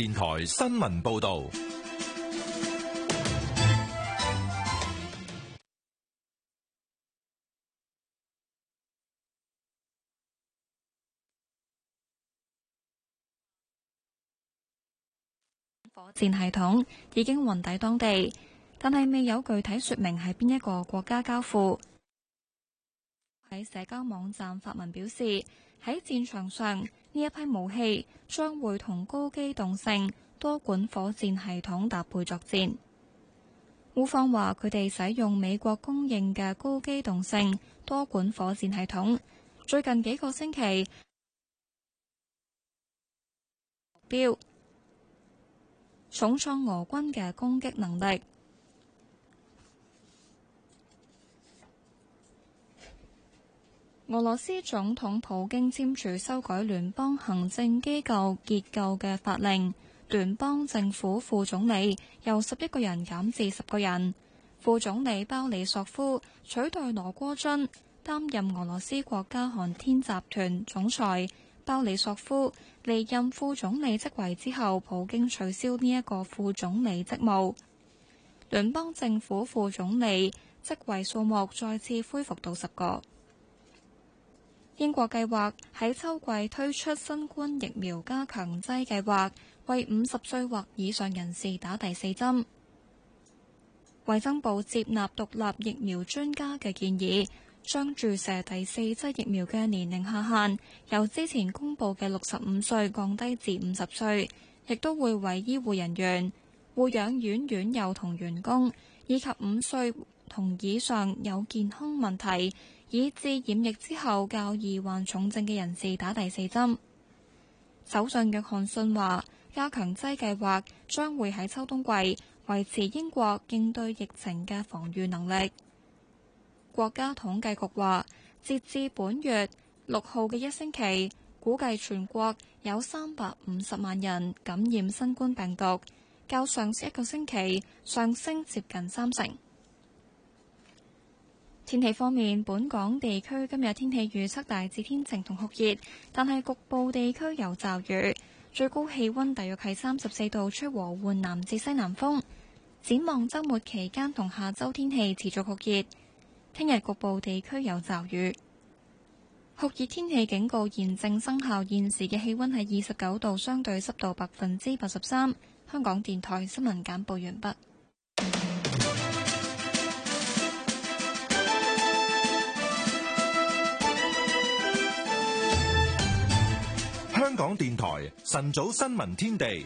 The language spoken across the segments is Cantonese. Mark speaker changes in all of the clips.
Speaker 1: 電台新聞報道：
Speaker 2: 火箭系統已經運抵當地，但係未有具體說明係邊一個國家交付。喺社交網站發文表示：喺戰場上。呢一批武器將會同高機動性多管火箭系統搭配作戰。烏方話佢哋使用美國供應嘅高機動性多管火箭系統，最近幾個星期目標重創俄軍嘅攻擊能力。俄羅斯總統普京簽署修改聯邦行政機構結構嘅法令，聯邦政府副總理由十一個人減至十個人。副總理鮑里索夫取代羅戈津擔任俄羅斯國家航天集團總裁。鮑里索夫離任副總理職位之後，普京取消呢一個副總理職務，聯邦政府副總理職位數目再次恢復到十個。英國計劃喺秋季推出新冠疫苗加強劑計劃，為五十歲或以上人士打第四針。衞生部接納獨立疫苗專家嘅建議，將注射第四劑疫苗嘅年齡下限由之前公布嘅六十五歲降低至五十歲，亦都會為醫護人員、護養院院友同員工，以及五歲同以上有健康問題，以至染疫之後，較易患重症嘅人士打第四針。首相約翰遜話，加強劑計劃將會喺秋冬季維持英國應對疫情嘅防禦能力。國家統計局話，截至本月六號嘅一星期，估計全國有三百五十萬人感染新冠病毒，較上次一個星期上升接近三成。天氣方面，本港地區今日天，天氣預測大致天晴同酷熱，但係局部地區有驟雨。最高氣溫大約係三十四度，吹和緩南至西南風，展望周末期間同下周天氣持續酷熱，聽日局部地區有驟雨。酷熱天氣警告現正生效，現時嘅氣溫係二十九度，相對濕度百分之八十三。香港電台新聞簡報完畢。
Speaker 1: 港電台晨早新聞天地，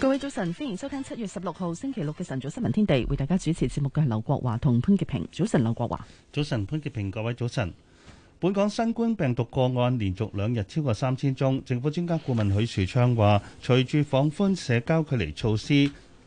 Speaker 3: 各位早晨，歡迎收聽七月十六號星期六嘅晨早新聞天地，為大家主持節目嘅係劉國華同潘潔平。早晨，劉國華，
Speaker 4: 早晨，潘潔平，各位早晨。本港新冠病毒個案連續兩日超過三千宗，政府專家顧問許樹昌話，隨住放寬社交距離措施。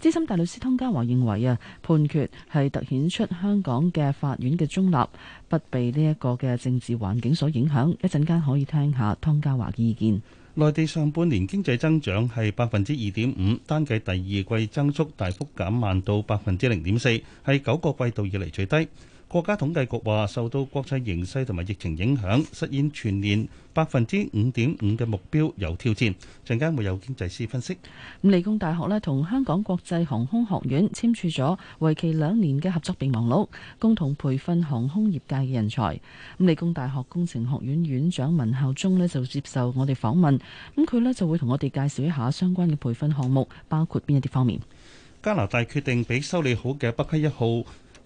Speaker 3: 資深大律師湯家驊認為啊，判決係突顯出香港嘅法院嘅中立，不被呢一個嘅政治環境所影響。一陣間可以聽下湯家驊嘅意見。
Speaker 4: 內地上半年經濟增長係百分之二點五，單計第二季增速大幅減慢到百分之零點四，係九個季度以嚟最低。國家統計局話，受到國際形勢同埋疫情影響，實現全年百分之五點五嘅目標有挑戰。陣間會有經濟師分析。咁理工大學咧，同香港國際航空學
Speaker 3: 院簽署咗為期兩年嘅合作備忘錄，共同培訓航空業界嘅人才。咁理工大學工程學院院長文孝忠咧，就接受我哋訪問，咁佢咧，就會同我哋介紹一下相關嘅培訓項目，包括邊一啲方面。
Speaker 4: 加拿大決定俾修理好嘅北溪一號。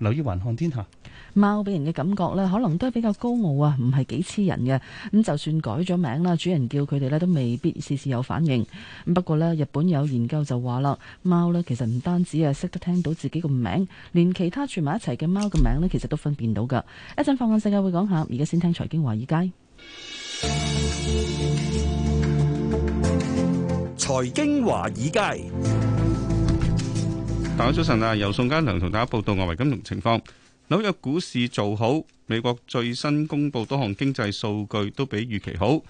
Speaker 4: 留意環看天下。
Speaker 3: 貓俾人嘅感覺咧，可能都係比較高傲啊，唔係幾黐人嘅。咁、嗯、就算改咗名啦，主人叫佢哋咧，都未必事事有反應。咁不過咧，日本有研究就話啦，貓咧其實唔單止啊識得聽到自己個名，連其他住埋一齊嘅貓嘅名咧，其實都分辨到噶。一陣放眼世界會講下，而家先聽財經華爾街。
Speaker 5: 財經華爾街。早晨啊！由宋嘉良同大家報道外圍金融情況。紐約股市做好，美國最新公布多項經濟數據都比預期好。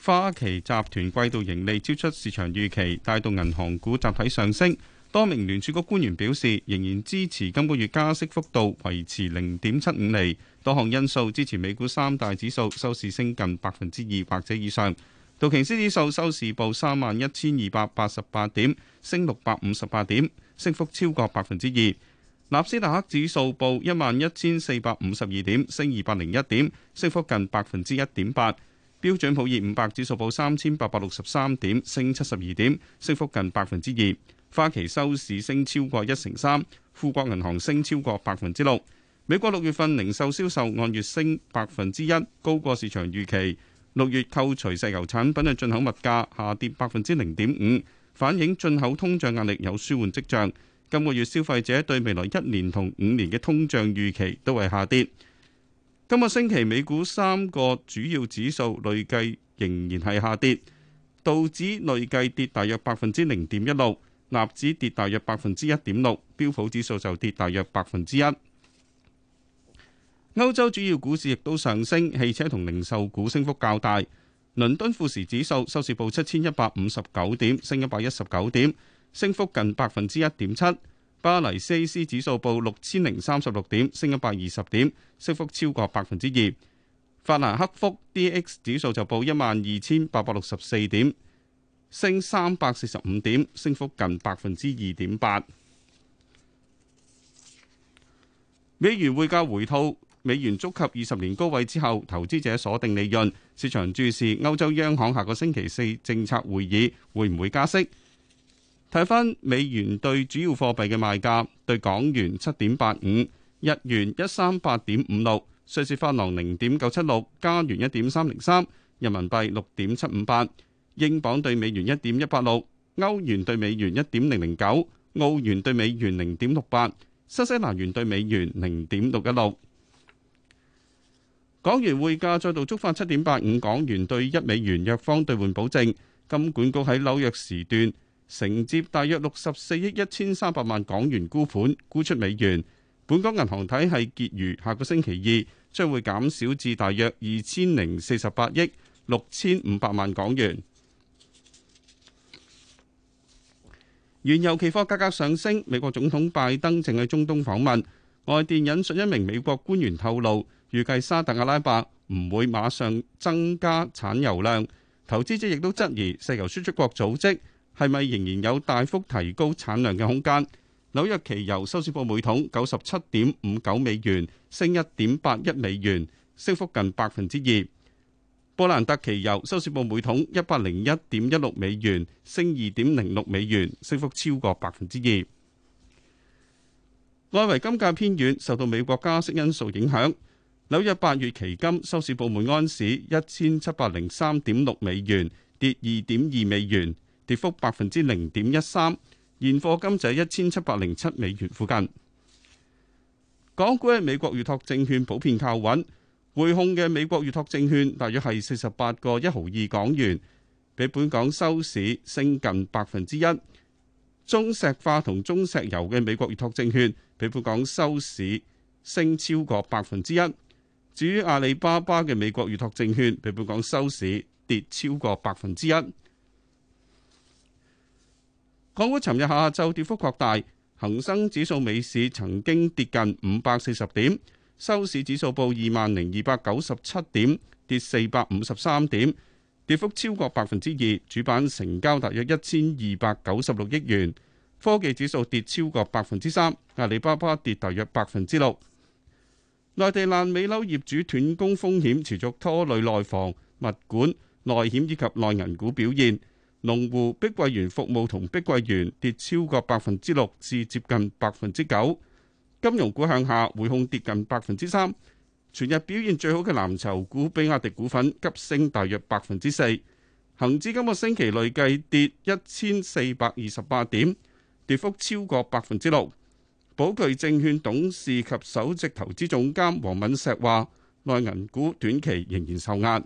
Speaker 5: 花旗集團季度盈利超出市場預期，帶動銀行股集體上升。多名聯儲局官員表示，仍然支持今個月加息幅度維持零點七五厘。多項因素支持美股三大指數收市升近百分之二或者以上。道瓊斯指數收市報三萬一千二百八十八點，升六百五十八點，升幅超過百分之二，納斯達克指數報一萬一千四百五十二點，升二百零一點，升幅近百分之一點八。標準普爾五百指數報三千八百六十三點，升七十二點，升幅近百分之二。花旗收市升超過一成三，富國銀行升超過百分之六。美國六月份零售銷售按月升百分之一，高過市場預期。六月扣除石油產品嘅進口物價下跌百分之零點五。反映進口通脹壓力有舒緩跡象，今個月消費者對未來一年同五年嘅通脹預期都係下跌。今個星期美股三個主要指數累計仍然係下跌，道指累計跌大約百分之零點一六，納指跌大約百分之一點六，標普指數就跌大約百分之一。歐洲主要股市亦都上升，汽車同零售股升幅較大。倫敦富時指數收市報七千一百五十九點，升一百一十九點，升幅近百分之一點七。巴黎 CAC 指數報六千零三十六點，升一百二十點，升幅超過百分之二。法蘭克福 DAX 指數就報一萬二千八百六十四點，升三百四十五點，升幅近百分之二點八。美元匯價回吐。美元觸及二十年高位之後，投資者鎖定利潤。市場注視歐洲央行下個星期四政策會議會唔會加息？睇返美元對主要貨幣嘅賣價：對港元七點八五，日元一三八點五六，瑞士法郎零點九七六，加元一點三零三，人民幣六點七五八，英鎊對美元一點一八六，歐元對美元一點零零九，澳元對美元零點六八，新西蘭元對美元零點六一六。港元匯價再度觸發七點八五港元對一美元弱方兌換保證，金管局喺紐約時段承接大約六十四億一千三百萬港元沽盤，沽出美元。本港銀行體系結餘下個星期二將會減少至大約二千零四十八億六千五百萬港元。原油期貨價格上升，美國總統拜登正喺中東訪問。外電引述一名美國官員透露，預計沙特阿拉伯唔會馬上增加產油量，投資者亦都質疑石油輸出國組織係咪仍然有大幅提高產量嘅空間。紐約期油收市報每桶九十七點五九美元，升一點八一美元，升幅近百分之二。布蘭特期油收市報每桶一百零一點一六美元，升二點零六美元，升幅超過百分之二。外圍金價偏軟，受到美國加息因素影響。紐約八月期金收市報每安士一千七百零三點六美元，跌二點二美元，跌幅百分之零點一三。現貨金就係一千七百零七美元附近。港股嘅美國預託證券普遍靠穩，匯控嘅美國預託證券大約係四十八個一毫二港元，比本港收市升近百分之一。中石化同中石油嘅美國預託證券比本港收市升超過百分之一。至於阿里巴巴嘅美國預託證券，比本港收市跌超過百分之一。港股尋日下晝跌幅擴大，恒生指數尾市曾經跌近五百四十點，收市指數報二萬零二百九十七點，跌四百五十三點，跌幅超過百分之二。主板成交大約一千二百九十六億元，科技指數跌超過百分之三，阿里巴巴跌大約百分之六。內地爛尾樓業主斷供風險持續拖累內房、物管、內險以及內銀股表現。農戶、碧桂園服務同碧桂園跌超過百分之六至接近百分之九。金融股向下，匯控跌近百分之三。全日表現最好嘅藍籌股比亞迪股份急升大約百分之四。恒指今個星期累計跌一千四百二十八點，跌幅超過百分之六。寶巨證券董事及首席投資總監黃敏石話：內銀股短期仍然受壓。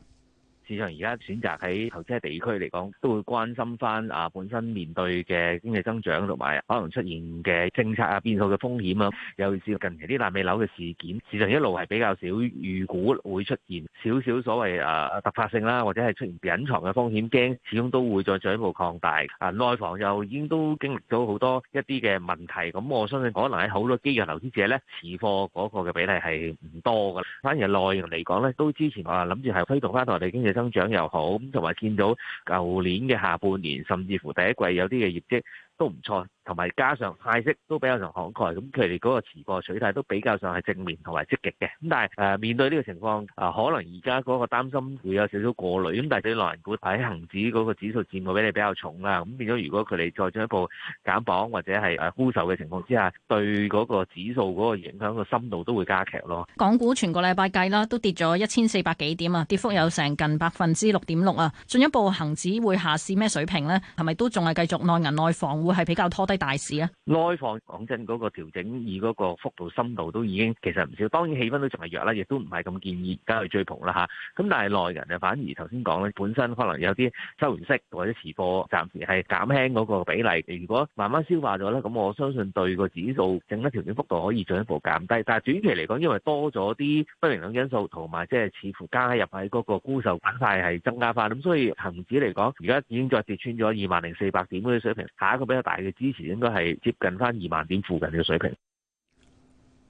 Speaker 5: 市場而家選擇喺投
Speaker 6: 資地區嚟講，都會關心翻啊本身面對嘅經濟增長，同埋可能出現嘅政策啊變數嘅風險啊。尤其是近期啲爛尾樓嘅事件，市場一路係比較少預估會出現少少所謂啊突發性啦，或者係出現隱藏嘅風險，驚始終都會再進一步擴大。啊內房又已經都經歷咗好多一啲嘅問題，咁我相信可能喺好多機構投資者咧，持貨嗰個嘅比例係唔多㗎。反而內容嚟講咧，都之前我諗住係推動翻內地經濟。增長又好，咁同埋見到舊年嘅下半年，甚至乎第一季有啲嘅業績都唔錯。同埋加上派息都,都比較上慷慨，咁佢哋嗰個持貨取態都比較上係正面同埋積極嘅。咁但係誒面對呢個情況啊，可能而家嗰個擔心會有少少過慮。咁但係對內銀股喺恒指嗰個指數佔嘅比例比較重啦。咁變咗如果佢哋再進一步減磅或者係誒沽售嘅情況之下，對嗰個指數嗰個影響個深度都會加劇咯。
Speaker 7: 港股全個禮拜計啦，都跌咗一千四百幾點啊，跌幅有成近百分之六點六啊。進一步恒指會下試咩水平咧？係咪都仲係繼續內銀內房會係比較拖低大市啊，
Speaker 6: 內房講真嗰個調整，以嗰個幅度深度都已經其實唔少。當然氣氛都仲係弱啦，亦都唔係咁建議加去追捧啦嚇。咁但係內人就反而頭先講咧，本身可能有啲收完息或者持貨，暫時係減輕嗰個比例。如果慢慢消化咗咧，咁我相信對個指數整體調整幅度可以進一步減低。但係短期嚟講，因為多咗啲不明朗因素，同埋即係似乎加入喺嗰個沽售板塊係增加翻，咁所以恒指嚟講，而家已經再跌穿咗二萬零四百點嗰啲水平，下一個比較大嘅支持。應該係接近翻二萬點附近嘅水平。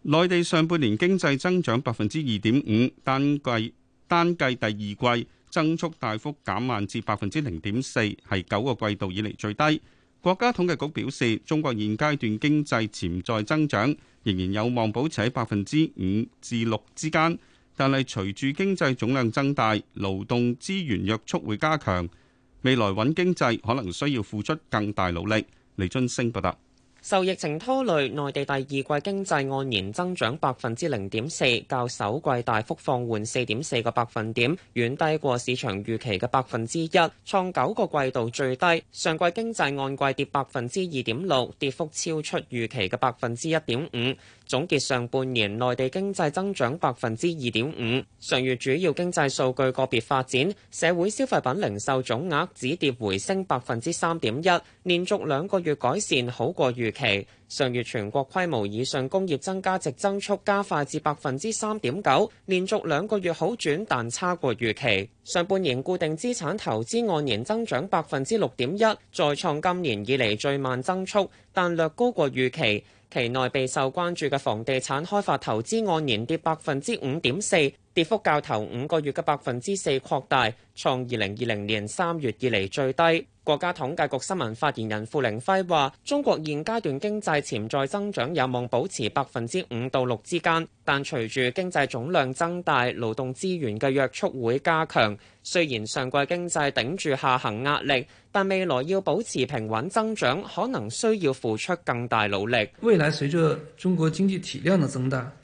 Speaker 5: 內地上半年經濟增長百分之二點五，單季單季第二季增速大幅減慢至百分之零點四，係九個季度以嚟最低。國家統計局表示，中國現階段經濟潛在增長仍然有望保持喺百分之五至六之間，但係隨住經濟總量增大，勞動資源約束會加強，未來穩經濟可能需要付出更大努力。李津升報道，受
Speaker 8: 疫情拖累，內地第二季經濟按年增長百分之零點四，較首季大幅放緩四點四個百分點，遠低過市場預期嘅百分之一，創九個季度最低。上季經濟按季跌百分之二點六，跌幅超出預期嘅百分之一點五。總結上半年內地經濟增長百分之二點五，上月主要經濟數據個別發展，社會消費品零售總額止跌回升百分之三點一，連續兩個月改善，好過預期。上月全國規模以上工業增加值增速加快至百分之三點九，連續兩個月好轉，但差過預期。上半年固定資產投資按年增長百分之六點一，再創今年以嚟最慢增速，但略高過預期。期內備受關注嘅房地產開發投資按年跌百分之五點四，跌幅較頭五個月嘅百分之四擴大，創二零二零年三月以嚟最低。國家統計局新聞發言人付凌暉話，中國現階段經濟潛在增長有望保持百分之五到六之間，但隨住經濟總量增大，勞動資源嘅約束會加強。雖然上季經濟頂住下行壓力，但未來要保持平穩增長，可能需要付出更大努力。
Speaker 9: 未來隨着中國經濟體量嘅增大。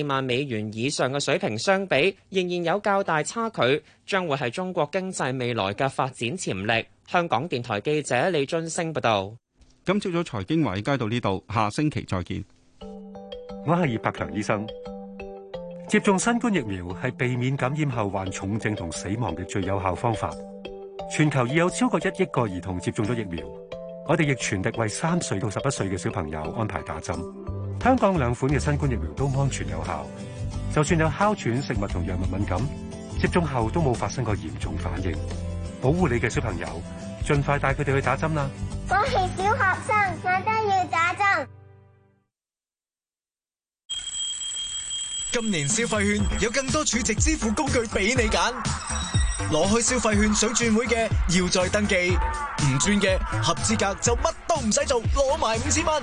Speaker 8: 四萬美元以上嘅水平相比，仍然有較大差距，將會係中國經濟未來嘅發展潛力。香港電台記者李津升報道。
Speaker 5: 今朝早財經委街到呢度，下
Speaker 4: 星期再見。我係葉柏強醫生，接種新冠疫苗係避免感染後患重症同死亡嘅最有效方法。全球已有超過一億個兒童接種咗疫苗，我哋亦全力為三歲到十一歲嘅小朋友安排打針。香港兩款嘅新冠疫苗都安全有效，就算有哮喘、食物同藥物敏感，接種後都冇發生過嚴重反應。保護你嘅小朋友，盡快帶佢哋去打針啦！
Speaker 10: 我係小學生，我都要打針。
Speaker 1: 今年消費券有更多儲值支付工具俾你揀，攞開消費券想轉會嘅，要再登記；唔轉嘅，合資格就乜都唔使做，攞埋五千蚊。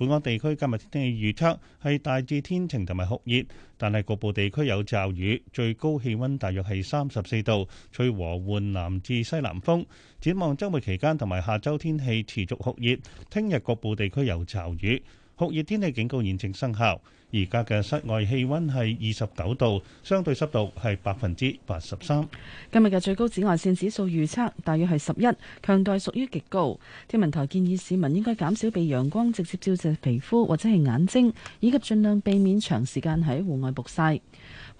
Speaker 4: 本港地區今日天氣預測係大致天晴同埋酷熱，但係局部地區有驟雨，最高氣温大約係三十四度，吹和緩南至西南風。展望周末期間同埋下周天氣持續酷熱，聽日局部地區有驟雨，酷熱天氣警告現正生效。而家嘅室外氣溫係二十九度，相對濕度係百分之八十三。
Speaker 3: 今日嘅最高紫外線指數預測大約係十一，強度屬於極高。天文台建議市民應該減少被陽光直接照射皮膚或者係眼睛，以及盡量避免長時間喺戶外曝曬。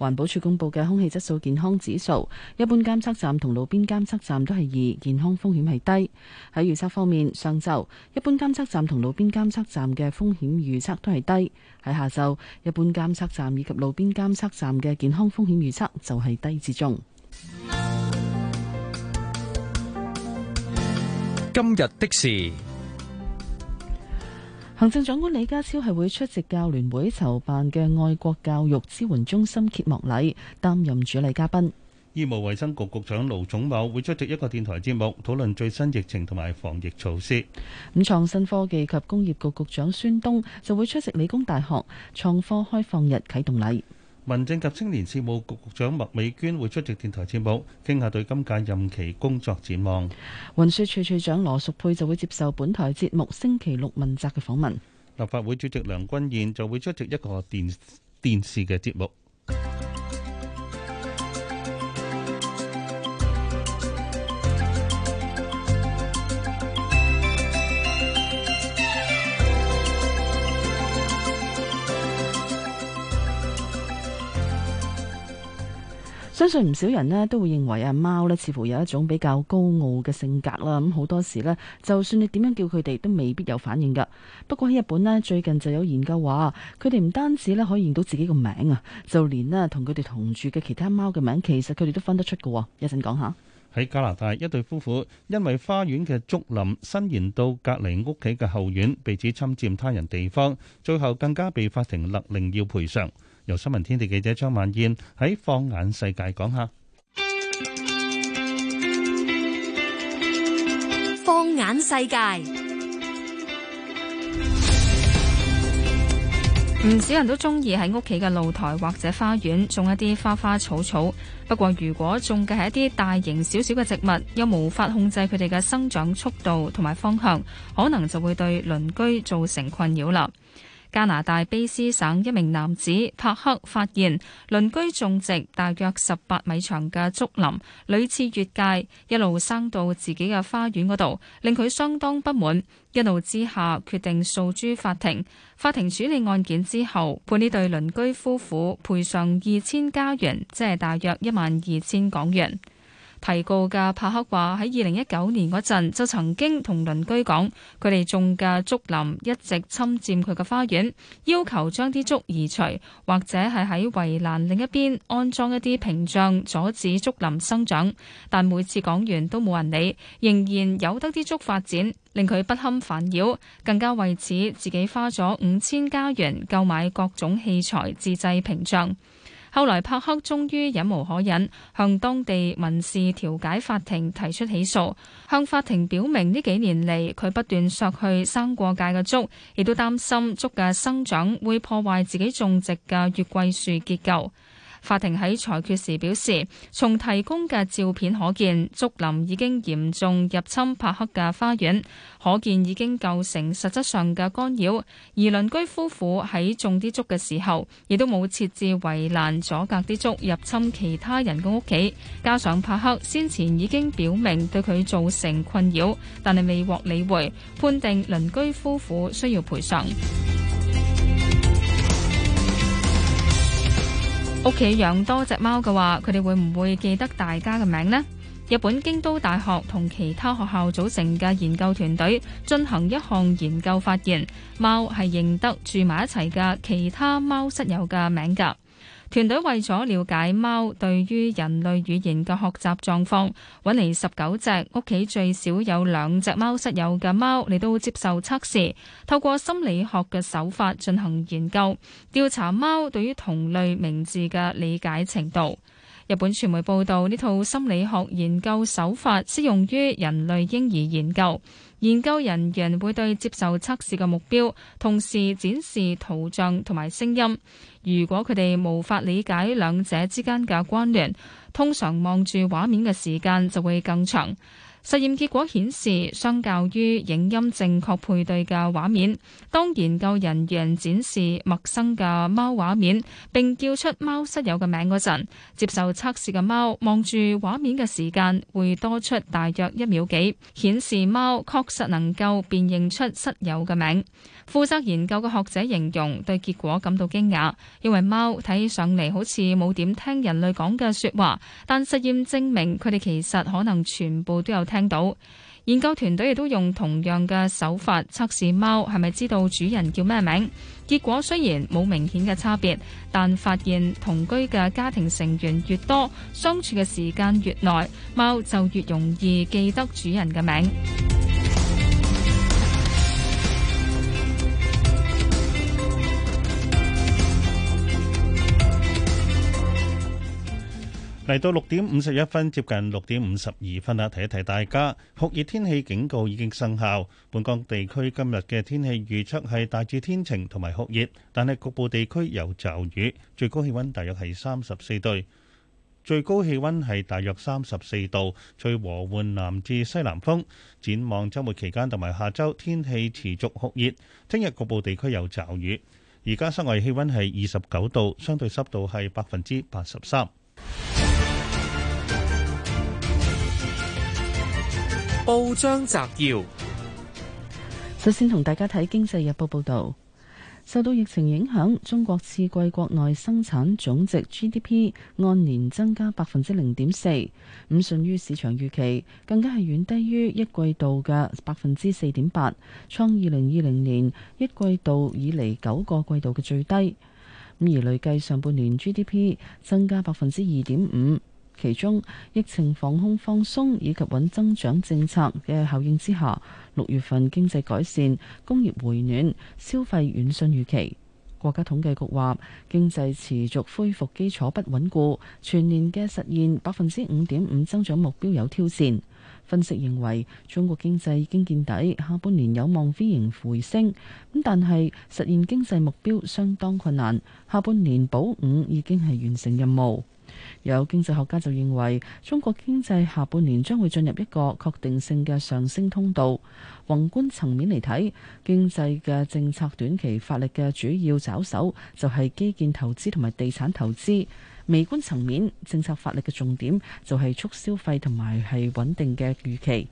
Speaker 3: 環保署公布嘅空氣質素健康指數，一般監測站同路邊監測站都係二，健康風險係低。喺預測方面，上晝一般監測站同路邊監測站嘅風險預測都係低；喺下晝，一般監測站以及路邊監測站嘅健康風險預測就係低至中。
Speaker 9: 今日的事。
Speaker 3: 行政長官李家超係會出席教聯會籌辦嘅愛國教育支援中心揭幕禮，擔任主禮嘉賓。
Speaker 4: 醫務衞生局局長盧寵茂會出席一個電台節目，討論最新疫情同埋防疫措施。咁
Speaker 3: 創新科技及工業局局長孫東就會出席理工大學創科開放日啟動禮。
Speaker 4: 民政及青年事務局局長麥美娟會出席電台節目，傾下對今屆任期工作展望。
Speaker 3: 運輸署署長羅淑佩就會接受本台節目星期六問責嘅訪問。
Speaker 4: 立法會主席梁君彥就會出席一個電電視嘅節目。
Speaker 3: 相信唔少人呢都會認為啊，貓呢似乎有一種比較高傲嘅性格啦。咁好多時呢，就算你點樣叫佢哋，都未必有反應噶。不過喺日本呢，最近就有研究話，佢哋唔單止呢可以認到自己個名啊，就連呢同佢哋同住嘅其他貓嘅名，其實佢哋都分得出㗎。一陣講下。
Speaker 4: 喺加拿大，一對夫婦因為花園嘅竹林伸延到隔離屋企嘅後院，被指侵佔他人地方，最後更加被法庭勒令要賠償。由新聞天地記者張萬燕喺放眼世界講下，放
Speaker 7: 眼世界，
Speaker 10: 唔少人都中意喺屋企嘅露台或者花園種一啲花花草草。不過，如果種嘅係一啲大型少少嘅植物，又無法控制佢哋嘅生長速度同埋方向，可能就會對鄰居造成困擾啦。加拿大卑斯省一名男子帕克發現鄰居種植大約十八米長嘅竹林，屢次越界，一路生到自己嘅花園嗰度，令佢相當不滿。一怒之下，決定訴諸法庭。法庭處理案件之後，判呢對鄰居夫婦賠償二千加元，即係大約一萬二千港元。提告嘅帕克話喺二零一九年嗰陣，就曾經同鄰居講，佢哋種嘅竹林一直侵占佢嘅花園，要求將啲竹移除，或者係喺圍欄另一邊安裝一啲屏障，阻止竹林生長。但每次講完都冇人理，仍然有得啲竹發展，令佢不堪煩擾，更加為此自己花咗五千加元購買各種器材自製屏障。後來，帕克終於忍無可忍，向當地民事調解法庭提出起訴，向法庭表明呢幾年嚟佢不斷削去生過界嘅竹，亦都擔心竹嘅生長會破壞自己種植嘅月桂樹結構。法庭喺裁決時表示，從提供嘅照片可見，竹林已經嚴重入侵帕克嘅花園，可見已經構成實質上嘅干擾。而鄰居夫婦喺種啲竹嘅時候，亦都冇設置圍欄阻隔啲竹入侵其他人嘅屋企。加上帕克先前已經表明對佢造成困擾，但係未獲理會，判定鄰居夫婦需要賠償。屋企養多隻貓嘅話，佢哋會唔會記得大家嘅名呢？日本京都大學同其他學校組成嘅研究團隊進行一項研究，發現貓係認得住埋一齊嘅其他貓室友嘅名㗎。團隊為咗了解貓對於人類語言嘅學習狀況，搵嚟十九隻屋企最少有兩隻貓室友嘅貓嚟到接受測試，透過心理學嘅手法進行研究，調查貓對於同類名字嘅理解程度。日本傳媒報道呢套心理學研究手法適用於人類嬰兒研究。研究人員會對接受測試嘅目標同時展示圖像同埋聲音。如果佢哋無法理解兩者之間嘅關聯，通常望住畫面嘅時間就會更長。實驗結果顯示，相較於影音正確配對嘅畫面，當研究人員展示陌生嘅貓畫面，並叫出貓室友嘅名嗰陣，接受測試嘅貓望住畫面嘅時間會多出大約一秒幾，顯示貓確實能夠辨認出室友嘅名。負責研究嘅學者形容對結果感到驚訝，因為貓睇起上嚟好似冇點聽人類講嘅說話，但實驗證明佢哋其實可能全部都有聽到。研究團隊亦都用同樣嘅手法測試貓係咪知道主人叫咩名，結果雖然冇明顯嘅差別，但發現同居嘅家庭成員越多，相處嘅時間越耐，貓就越容易記得主人嘅名。
Speaker 4: 嚟到六點五十一分，接近六點五十二分啦。提一提大家，酷熱天氣警告已經生效。本港地區今日嘅天氣預測係大致天晴同埋酷熱，但係局部地區有驟雨。最高氣溫大約係三十四度，最高氣溫係大約三十四度，吹和緩南至西南風。展望週末期間同埋下週天氣持續酷熱，聽日局部地區有驟雨。而家室外氣溫係二十九度，相對濕度係百分之八十三。
Speaker 6: 報章摘要，
Speaker 3: 首先同大家睇《經濟日報》報道，受到疫情影響，中國次季國內生產總值 GDP 按年增加百分之零點四，咁遜於市場預期，更加係遠低於一季度嘅百分之四點八，創二零二零年一季度以嚟九個季度嘅最低。咁而累計上半年 GDP 增加百分之二點五。其中疫情防控放鬆以及穩增長政策嘅效應之下，六月份經濟改善，工業回暖，消費遠遜預期。國家統計局話，經濟持續恢復基礎不穩固，全年嘅實現百分之五點五增長目標有挑戰。分析認為，中國經濟已經見底，下半年有望 V 型回升，咁但係實現經濟目標相當困難，下半年保五已經係完成任務。有經濟學家就認為，中國經濟下半年將會進入一個確定性嘅上升通道。宏觀層面嚟睇，經濟嘅政策短期發力嘅主要抓手就係基建投資同埋地產投資；微觀層面，政策發力嘅重點就係促消費同埋係穩定嘅預期。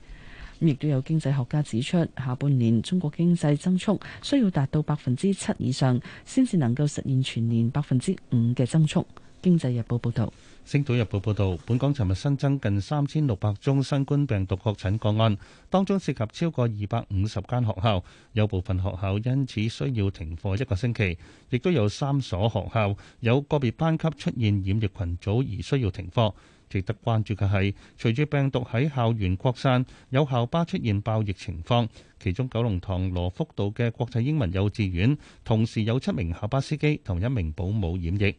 Speaker 3: 亦都有經濟學家指出，下半年中國經濟增速需要達到百分之七以上，先至能夠實現全年百分之五嘅增速。經濟日報報道，
Speaker 4: 星島日報報道，本港尋日新增近三千六百宗新冠病毒確診個案，當中涉及超過二百五十間學校，有部分學校因此需要停課一個星期，亦都有三所學校有個別班級出現染疫群組而需要停課。值得關注嘅係，隨住病毒喺校園擴散，有校巴出現爆疫情況，其中九龍塘羅福道嘅國際英文幼稚園，同時有七名校巴司機同一名保姆染疫。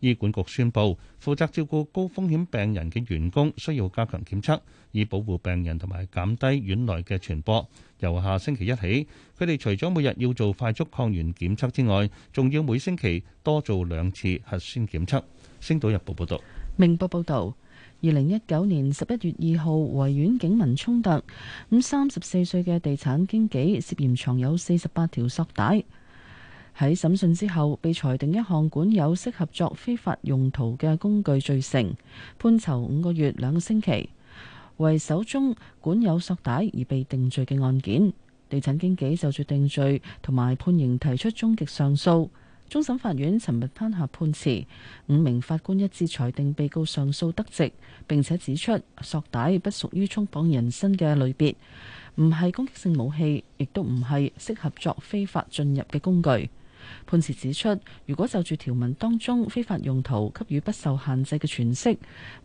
Speaker 4: 醫管局宣布，負責照顧高風險病人嘅員工需要加強檢測，以保護病人同埋減低院內嘅傳播。由下星期一起，佢哋除咗每日要做快速抗原檢測之外，仲要每星期多做兩次核酸檢測。星島日報報道。
Speaker 3: 明報報道，二零一九年十一月二號，維園警民衝突，咁三十四歲嘅地產經紀涉嫌藏有四十八條索帶。喺審訊之後，被裁定一項管有適合作非法用途嘅工具罪成，判囚五個月兩個星期，為首宗管有索帶而被定罪嘅案件。地產經紀就住定罪同埋判刑提出終極上訴。終審法院尋日頒下判詞，五名法官一致裁定被告上訴得直，並且指出索帶不屬於衝撞人身嘅類別，唔係攻擊性武器，亦都唔係適合作非法進入嘅工具。判詞指出，如果就住條文當中非法用途給予不受限制嘅詮釋，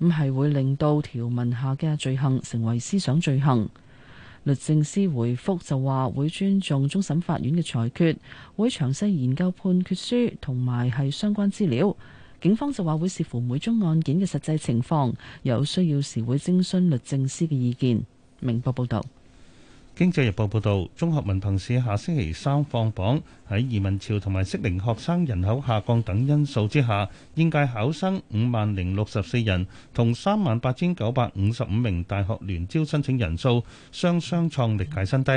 Speaker 3: 咁係會令到條文下嘅罪行成為思想罪行。律政司回覆就話會尊重終審法院嘅裁決，會詳細研究判決書同埋係相關資料。警方就話會視乎每宗案件嘅實際情況，有需要時會徵詢律政司嘅意見。明報報道。
Speaker 4: 經濟日報報導，中學文憑試下星期三放榜。喺移民潮同埋適齡學生人口下降等因素之下，應屆考生五萬零六十四人同三萬八千九百五十五名大學聯招申請人數雙雙創歷屆新低。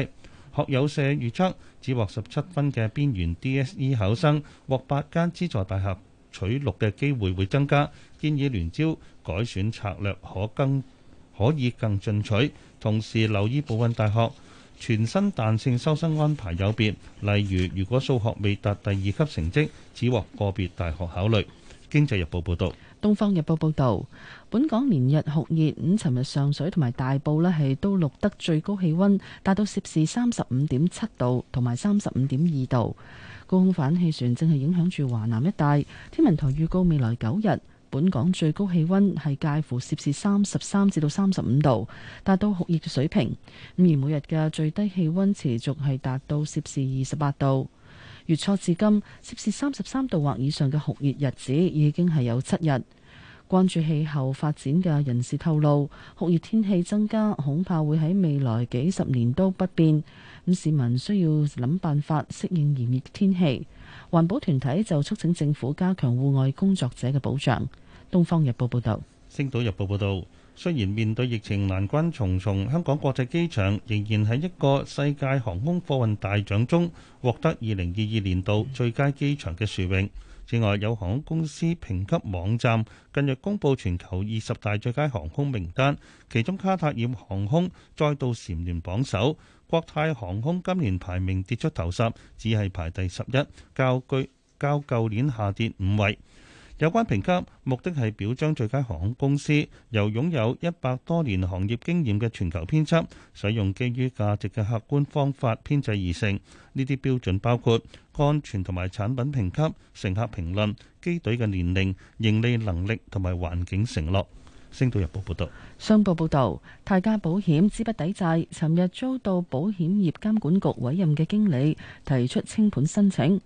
Speaker 4: 學友社預測，只獲十七分嘅邊緣 DSE 考生獲八間資助大學取錄嘅機會會增加，建議聯招改選策略可更可以更進取，同時留意部分大學。全新彈性收生安排有別，例如如果數學未達第二級成績，只獲個別大學考慮。經濟日報報導，
Speaker 3: 東方日報報導，本港連日酷熱，咁尋日上水同埋大埔咧，係都錄得最高氣温，達到攝氏三十五點七度同埋三十五點二度。高空反氣旋正係影響住華南一帶，天文台預告未來九日。本港最高氣溫係介乎攝氏三十三至到三十五度，達到酷熱嘅水平。咁而每日嘅最低氣溫持續係達到攝氏二十八度。月初至今，攝氏三十三度或以上嘅酷熱日子已經係有七日。關注氣候發展嘅人士透露，酷熱天氣增加恐怕會喺未來幾十年都不變。咁市民需要諗辦法適應炎熱天氣。環保團體就促請政府加強戶外工作者嘅保障。東方日報報
Speaker 4: 道，星島日報報道，雖然面對疫情難關重重，香港國際機場仍然喺一個世界航空貨運大獎中獲得二零二二年度最佳機場嘅殊榮。此外，有航空公司評級網站近日公布全球二十大最佳航空名單，其中卡塔爾航空再度蟬聯榜首。國泰航空今年排名跌出頭十，只係排第十一，較舊較舊年下跌五位。有關評級目的係表彰最佳航空公司，由擁有一百多年行業經驗嘅全球編輯，使用基於價值嘅客觀方法編製而成。呢啲標準包括安全同埋產品評級、乘客評論、機隊嘅年齡、盈利能力同埋環境承諾。星島日報報道，
Speaker 3: 商報報道，泰家保險資不抵債，尋日遭到保險業監管局委任嘅經理提出清盤申請。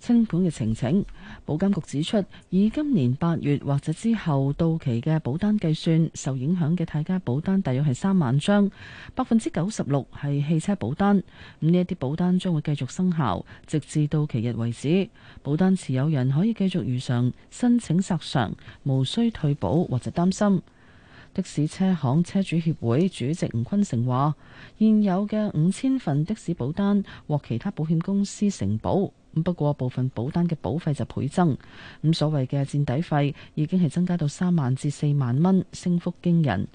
Speaker 3: 清盤嘅情情，保監局指出，以今年八月或者之後到期嘅保單計算，受影響嘅泰加保單大約係三萬張，百分之九十六係汽車保單。咁呢一啲保單將會繼續生效，直至到期日為止。保單持有人可以繼續如常申請索償，無需退保或者擔心。 的士車行車主協會主席吳坤成話：現有嘅五千份的士保單獲其他保險公司承保。不過部分保單嘅保費就倍增，咁所謂嘅墊底費已經係增加到三萬至四萬蚊，升幅驚人。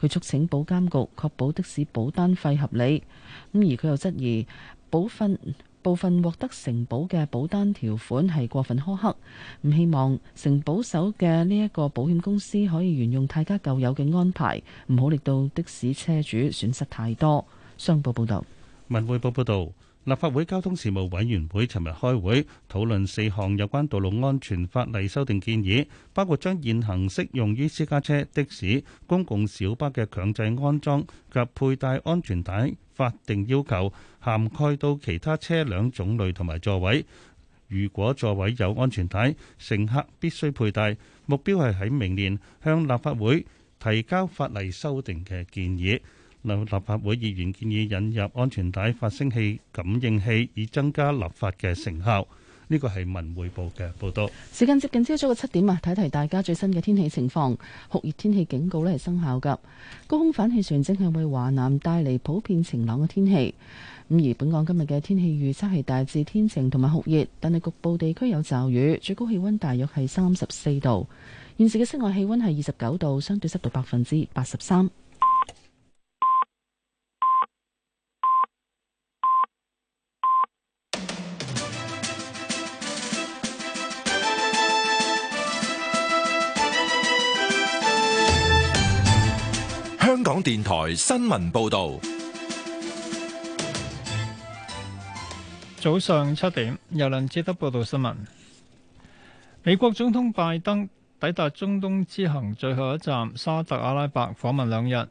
Speaker 3: 佢促請保監局確保的士保單費合理，咁而佢又質疑保費部分獲得承保嘅保單條款係過分苛刻，唔希望承保守嘅呢一個保險公司可以沿用泰家舊有嘅安排，唔好令到的士車主損失太多。商報報道。
Speaker 4: 文匯報報道。立法會交通事務委員會尋日開會討論四項有關道路安全法例修訂建議，包括將現行適用於私家車、的士、公共小巴嘅強制安裝及佩戴安全帶法定要求涵蓋到其他車輛種類同埋座位。如果座位有安全帶，乘客必須佩戴。目標係喺明年向立法會提交法例修訂嘅建議。立法會議員建議引入安全帶發聲器、感應器，以增加立法嘅成效。呢個係文匯報嘅報導。
Speaker 3: 時間接近朝早嘅七點啊，睇睇大家最新嘅天氣情況。酷熱天氣警告咧係生效噶，高空反氣旋正為華南帶嚟普遍晴朗嘅天氣。咁而本港今日嘅天氣預測係大致天晴同埋酷熱，但係局部地區有驟雨。最高氣温大約係三十四度。現時嘅室外氣温係二十九度，相對濕度百分之八十三。
Speaker 1: 香港電台新聞報道，
Speaker 9: 早上七點，由林志德報道新聞。美國總統拜登抵達中東之行最後一站沙特阿拉伯，訪問兩日。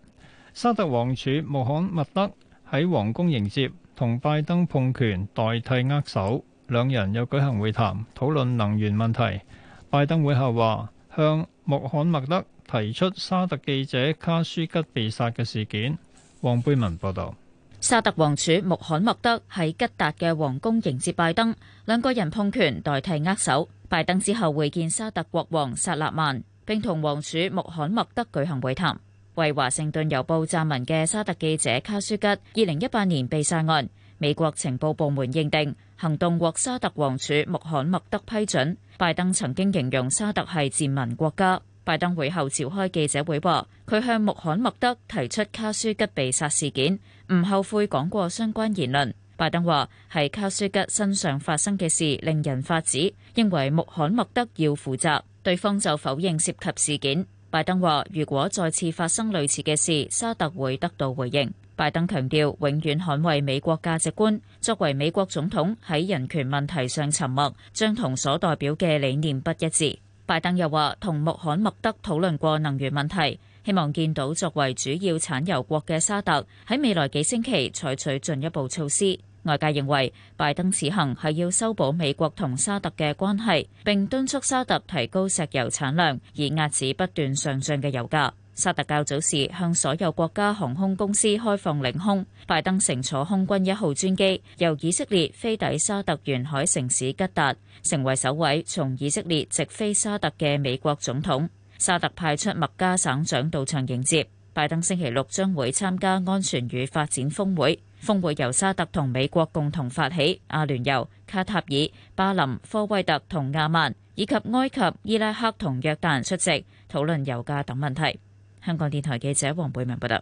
Speaker 9: 沙特王儲穆罕默德喺皇宮迎接，同拜登碰拳代替握手，兩人又舉行會談，討論能源問題。拜登會後話向穆罕默德提出沙特記者卡舒吉被殺嘅事件。黃貝文報道，
Speaker 11: 沙特王儲穆罕默德喺吉達嘅皇宮迎接拜登，兩個人碰拳代替握手。拜登之後會見沙特國王薩勒曼，並同王儲穆罕默德舉行會談，為華盛頓郵報撰文嘅沙特記者卡舒吉二零一八年被殺案，美國情報部門認定行動獲沙特王儲穆罕默德批准。拜登曾經形容沙特係賤民國家。拜登會後召開記者會，話佢向穆罕默德提出卡舒吉被殺事件，唔後悔講過相關言論。拜登話：喺卡舒吉身上發生嘅事令人髮指，認為穆罕默德要負責。對方就否認涉及事件。拜登話：如果再次發生類似嘅事，沙特會得到回應。拜登強調永遠捍衛美國價值觀。作為美國總統喺人權問題上沉默，將同所代表嘅理念不一致。拜登又話同穆罕默德討論過能源問題，希望見到作為主要產油國嘅沙特喺未來幾星期採取進一步措施。外界認為拜登此行係要修補美國同沙特嘅關係，並敦促沙特提高石油產量，以壓止不斷上漲嘅油價。沙特較早時向所有國家航空公司開放領空。拜登乘坐空軍一號專機，由以色列飛抵沙特沿海城市吉達，成為首位從以色列直飛沙特嘅美國總統。沙特派出麥加省長到場迎接。拜登星期六將會參加安全與發展峰會，峰會由沙特同美國共同發起，阿聯酋、卡塔爾、巴林、科威特同亞曼以及埃及、伊拉克同約旦出席，討論油價等問題。香港電台記者王貝文報道：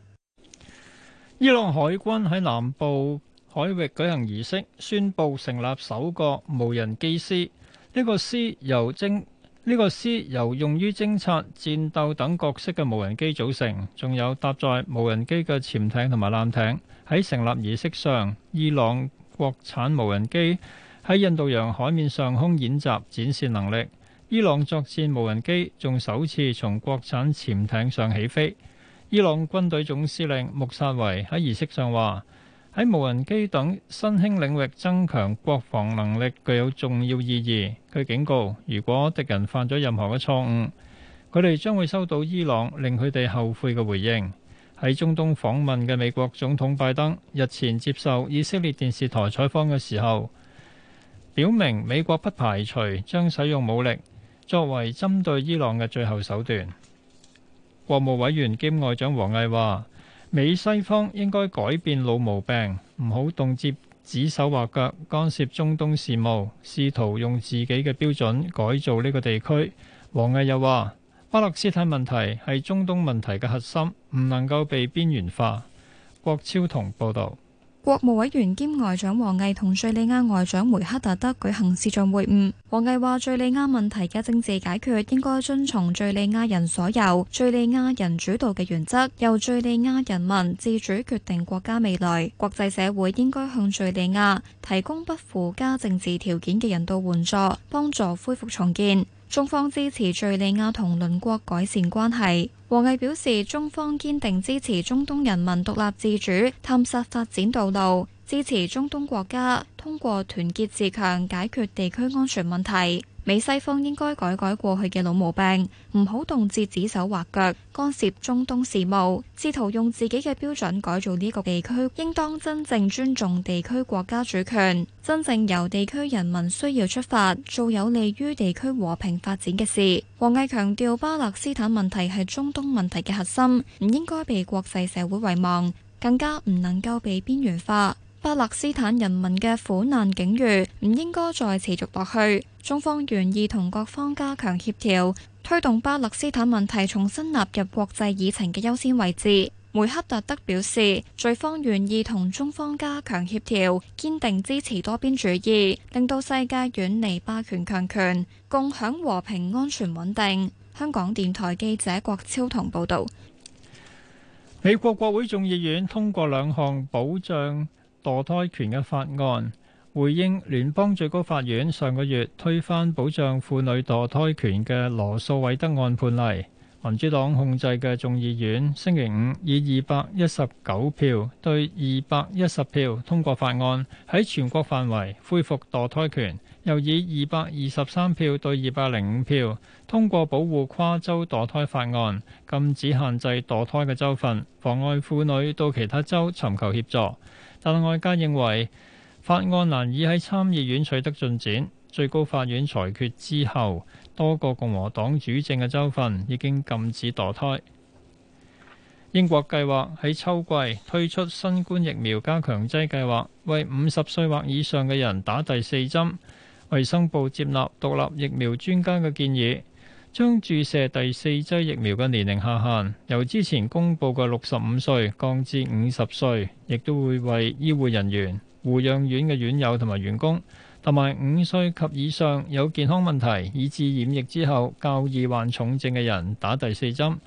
Speaker 9: 伊朗海軍喺南部海域舉行儀式，宣布成立首個無人機師。呢個師由徵呢個師由用於偵察、戰鬥等角色嘅無人機組成，仲有搭載無人機嘅潛艇同埋艦艇。喺成立儀式上，伊朗國產無人機喺印度洋海面上空演習展示能力。伊朗作戰無人機仲首次從國產潛艇上起飛。伊朗軍隊總司令穆薩維喺儀式上話，喺無人機等新興領域增強國防能力具有重要意義。佢警告，如果敵人犯咗任何嘅錯誤，佢哋將會收到伊朗令佢哋後悔嘅回應。喺中東訪問嘅美國總統拜登日前接受以色列電視台採訪嘅時候，表明美國不排除將使用武力。作為針對伊朗嘅最後手段，國務委員兼外長王毅話：美西方應該改變老毛病，唔好動輒指手畫腳，干涉中東事務，試圖用自己嘅標準改造呢個地區。王毅又話：巴勒斯坦問題係中東問題嘅核心，唔能夠被邊緣化。郭超同報導。
Speaker 2: 國務委員兼外長王毅同敘利亞外長梅克達德舉行視像會晤。王毅話：敘利亞問題嘅政治解決應該遵從敘利亞人所有、敘利亞人主導嘅原則，由敘利亞人民自主決定國家未來。國際社會應該向敘利亞提供不附加政治條件嘅人道援助，幫助恢復重建。中方支持敘利亞同鄰國改善關係。王毅表示，中方堅定支持中東人民獨立自主、探索發展道路，支持中東國家通過團結自強解決地區安全問題。美西方應該改改過去嘅老毛病，唔好動輒指手畫腳，干涉中東事務，試圖用自己嘅標準改造呢個地區。應當真正尊重地區國家主權，真正由地區人民需要出發，做有利於地區和平發展嘅事。王毅強調，巴勒斯坦問題係中東問題嘅核心，唔應該被國際社會遺忘，更加唔能夠被邊緣化。巴勒斯坦人民嘅苦難境遇唔應該再持續落去，中方願意同各方加強協調，推動巴勒斯坦問題重新納入國際議程嘅優先位置。梅克達德表示，敘方願意同中方加強協調，堅定支持多邊主義，令到世界遠離霸權強權，共享和平、安全、穩定。香港電台記者郭超同報導，
Speaker 9: 美國國會眾議院通過兩項保障墮胎權嘅法案回應聯邦最高法院上個月推翻保障婦女墮胎權嘅羅素韋德案判例，民主黨控制嘅眾議院星期五以二百一十九票對二百一十票通過法案，喺全國範圍恢復墮胎權；又以二百二十三票對二百零五票通過保護跨州墮胎法案，禁止限制墮胎嘅州份，妨礙婦女到其他州尋求協助。但外界認為，法案難以喺參議院取得進展。最高法院裁決之後，多個共和黨主政嘅州份已經禁止墮胎。英國計劃喺秋季推出新冠疫苗加強劑計劃，為五十歲或以上嘅人打第四針。衛生部接納獨立疫苗專家嘅建議。將注射第四劑疫苗嘅年齡下限由之前公布嘅六十五歲降至五十歲，亦都會為醫護人員、護養院嘅院友同埋員工，同埋五歲及以上有健康問題以致染疫之後較易患重症嘅人打第四針。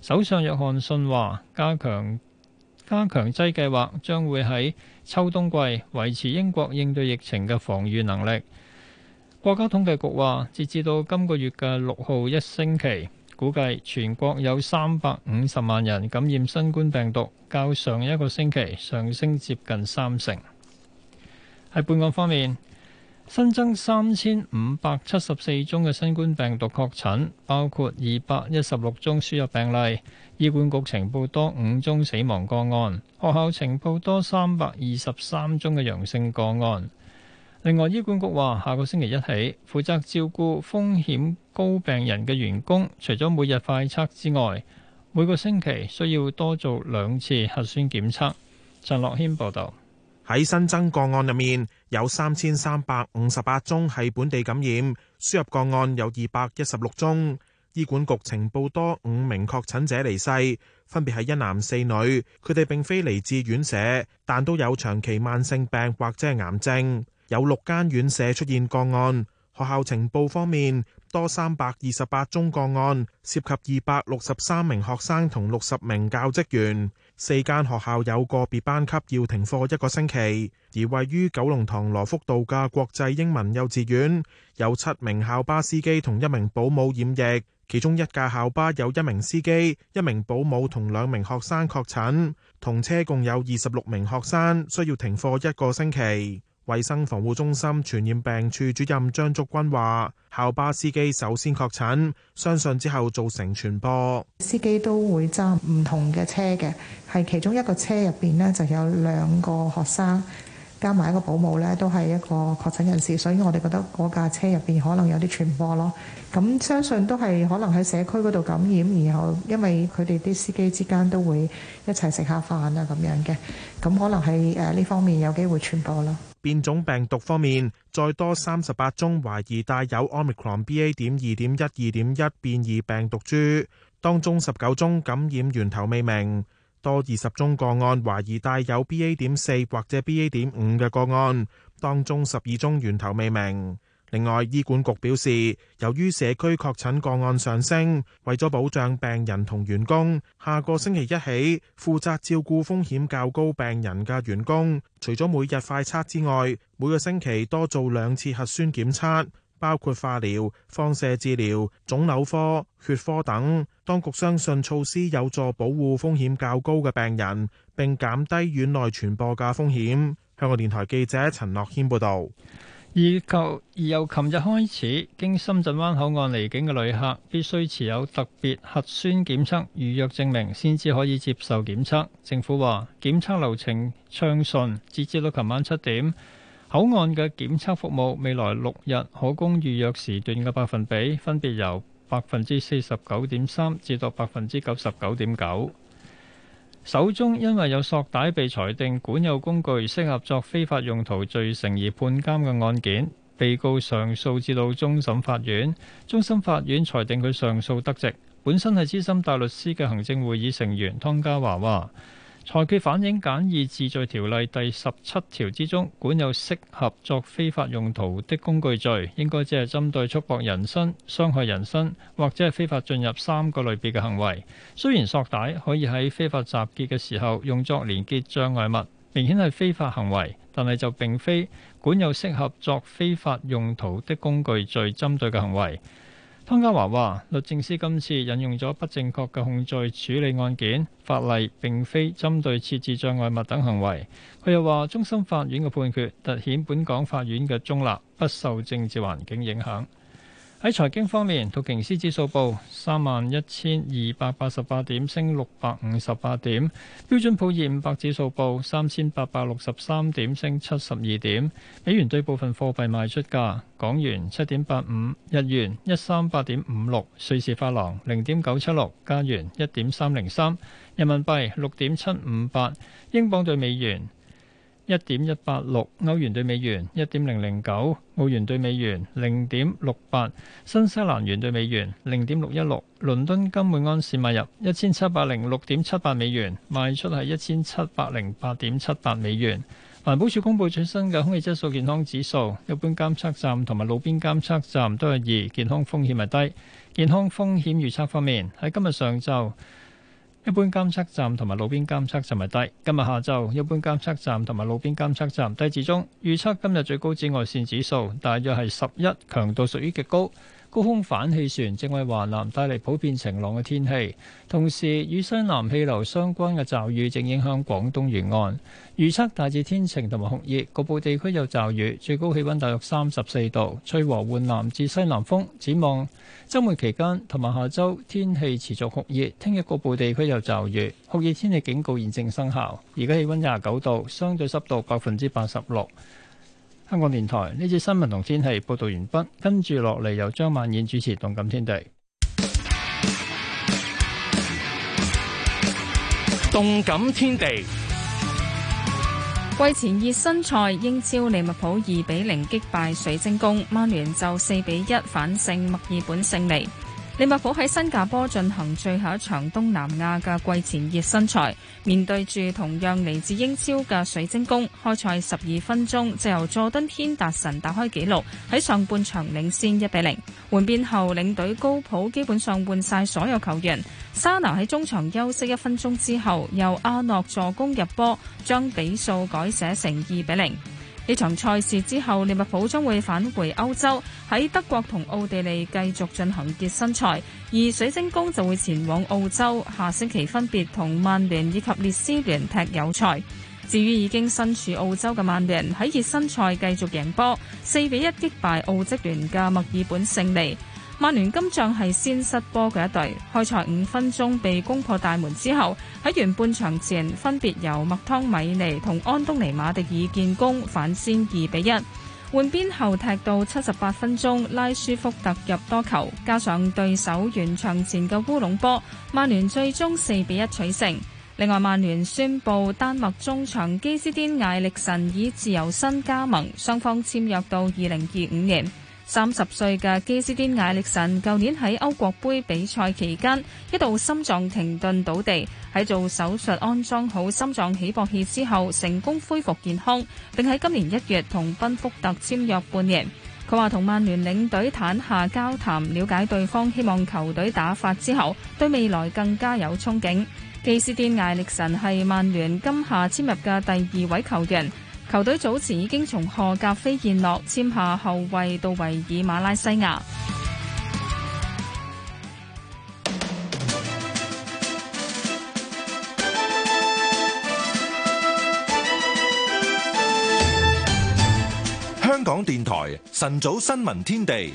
Speaker 9: 首相約翰遜話：加強加強劑計劃將會喺秋冬季維持英國應對疫情嘅防禦能力。國家統計局話，截至到今個月嘅六號一星期，估計全國有三百五十萬人感染新冠病毒，較上一個星期上升接近三成。喺本港方面，新增三千五百七十四宗嘅新冠病毒確診，包括二百一十六宗輸入病例。醫管局呈報多五宗死亡個案，學校呈報多三百二十三宗嘅陽性個案。另外，醫管局話：下個星期一起，負責照顧風險高病人嘅員工，除咗每日快測之
Speaker 12: 外，每個星期需要多做兩次核酸檢測。陳樂軒報導。喺新增個案入面，有三千三百五十八宗係本地感染，輸入個案有二百一十六宗。醫管局呈報多五名確診者離世，分別係一男四女。佢哋並非嚟自院舍，但都有長期慢性病或者係癌症。有六間院舍出現個案，學校情報方面多三百二十八宗個案，涉及二百六十三名學生同六十名教職員。四間學校有個別班級要停課一個星期。而位於九龍塘羅福道嘅國際英文幼稚園有七名校巴司機同一名保姆染疫，其中一架校巴有一名司機、一名保姆同兩名學生確診，同車共有二十六名學生需要停課一個星期。衛生防護中心傳染病處主任張竹君話：校巴司機首先確診，相信之後造成傳播。
Speaker 7: 司機都會揸唔同嘅車嘅，係其中一個車入邊呢就有兩個學生加埋一個保姆呢都係一個確診人士，所以我哋覺得嗰架車入邊可能有啲傳播咯。咁相信都係可能喺社區嗰度感染，然後因為佢哋啲司機之間都會一齊食下飯啊，咁樣嘅，咁可能係誒呢方面有機會傳播咯。
Speaker 12: 變種病毒方面，再多三十八宗懷疑帶有 Omicron BA. 點二點一、二點一變異病毒株，當中十九宗感染源頭未明；多二十宗個案懷疑帶有 BA. 點四或者 BA. 點五嘅個案，當中十二宗源頭未明。另外，醫管局表示，由於社區確診個案上升，為咗保障病人同員工，下個星期一起負責照顧風險較高病人嘅員工，除咗每日快測之外，每個星期多做兩次核酸檢測，包括化療、放射治療、腫瘤科、血科等。當局相信措施有助保護風險較高嘅病人，並減低院內傳播嘅風險。香港電台記者陳樂軒報導。而由琴
Speaker 9: 日開始，經深圳灣口岸離境嘅旅客必須持有特別核酸檢測預約證明，先至可以接受檢測。政府話檢測流程暢順，截至到琴晚七點，口岸嘅檢測服務未來六日可供預約時段嘅百分比分別由百分之四十九點三至到百分之九十九點九。手中因為有索帶被裁定管有工具適合作非法用途罪成而判監嘅案件，被告上訴至到終審法院，終審法院裁定佢上訴得直。本身係資深大律師嘅行政會議成員湯家華話，裁決反映簡易治罪條例第十七條之中管有適合作非法用途的工具罪，應該只係針對束縛人身、傷害人身或者係非法進入三個類別嘅行為。雖然索帶可以喺非法集結嘅時候用作連結障礙物，明顯係非法行為，但係就並非管有適合作非法用途的工具罪針對嘅行為。湯家華話：律政司今次引用咗不正確嘅控罪處理案件法例，並非針對設置障礙物等行為。佢又話：中心法院嘅判決凸顯本港法院嘅中立，不受政治環境影響。喺財經方面，道瓊斯指數報三萬一千二百八十八點，升六百五十八點；標準普爾五百指數報三千八百六十三點，升七十二點。美元兌部分貨幣賣出價：港元七點八五，日元一三八點五六，瑞士法郎零點九七六，加元一點三零三，人民幣六點七五八，英鎊兌美元。一點一八六歐元兌美元，一點零零九澳元兌美元，零點六八新西蘭元兌美元，零點六一六。倫敦金每安士買入一千七百零六點七八美元，賣出係一千七百零八點七八美元。環保署公布最新嘅空氣質素健康指數，一般監測站同埋路邊監測站都係二，健康風險係低。健康風險預測方面，喺今日上晝。一般監測站同埋路邊監測站係低，今日下晝一般監測站同埋路邊監測站低至中，預測今日最高紫外線指數大約係十一，強度屬於極高。高空反氣旋正為華南帶嚟普遍晴朗嘅天氣，同時與西南氣流相關嘅驟雨正影響廣東沿岸。預測大致天晴同埋酷熱，局部地區有驟雨，最高氣温大約三十四度。吹和緩南至西南風。展望周末期間同埋下周天氣持續酷熱，聽日局部地區有驟雨，酷熱天氣警告現正生效。而家氣温廿九度，相對濕度百分之八十六。香港電台呢節新聞同天氣報道完畢，跟住落嚟由張曼燕主持《動感天地》。
Speaker 12: 動感天地。
Speaker 10: 季 前熱身賽，英超利物浦二比零擊敗水晶宮，曼聯就四比一反勝墨爾本勝利。利物浦喺新加坡進行最後一場東南亞嘅季前熱身賽，面對住同樣嚟自英超嘅水晶宮，開賽十二分鐘就由佐敦天達臣打開紀錄，喺上半場領先一比零。換邊後，領隊高普基本上換晒所有球員。沙拿喺中場休息一分鐘之後，由阿諾助攻入波，將比數改寫成二比零。呢場賽事之後，利物浦將會返回歐洲，喺德國同奧地利繼續進行熱身賽，而水晶宮就會前往澳洲，下星期分別同曼聯以及列斯聯踢友賽。至於已經身處澳洲嘅曼聯，喺熱身賽繼續贏波，四比一擊敗澳職聯嘅墨爾本勝利。曼聯今仗係先失波嘅一隊，開賽五分鐘被攻破大門之後，喺完半場前分別由麥湯米尼同安東尼馬迪爾建功，反先二比一。換邊後踢到七十八分鐘，拉舒福特入多球，加上對手完場前嘅烏龍波，曼聯最終四比一取勝。另外，曼聯宣布丹麥中場基斯丁艾力神以自由身加盟，雙方簽約到二零二五年。三十歲嘅基斯甸艾力神，舊年喺歐國杯比賽期間一度心臟停頓倒地，喺做手術安裝好心臟起搏器之後，成功恢復健康，並喺今年一月同賓福特簽約半年。佢話同曼聯領隊坦下交談，了解對方希望球隊打法之後，對未來更加有憧憬。基斯甸艾力神係曼聯今夏簽入嘅第二位球員。球隊早前已經從荷甲飛燕諾簽下後衛到維爾馬拉西亞。
Speaker 1: 香港電台晨早新聞天地。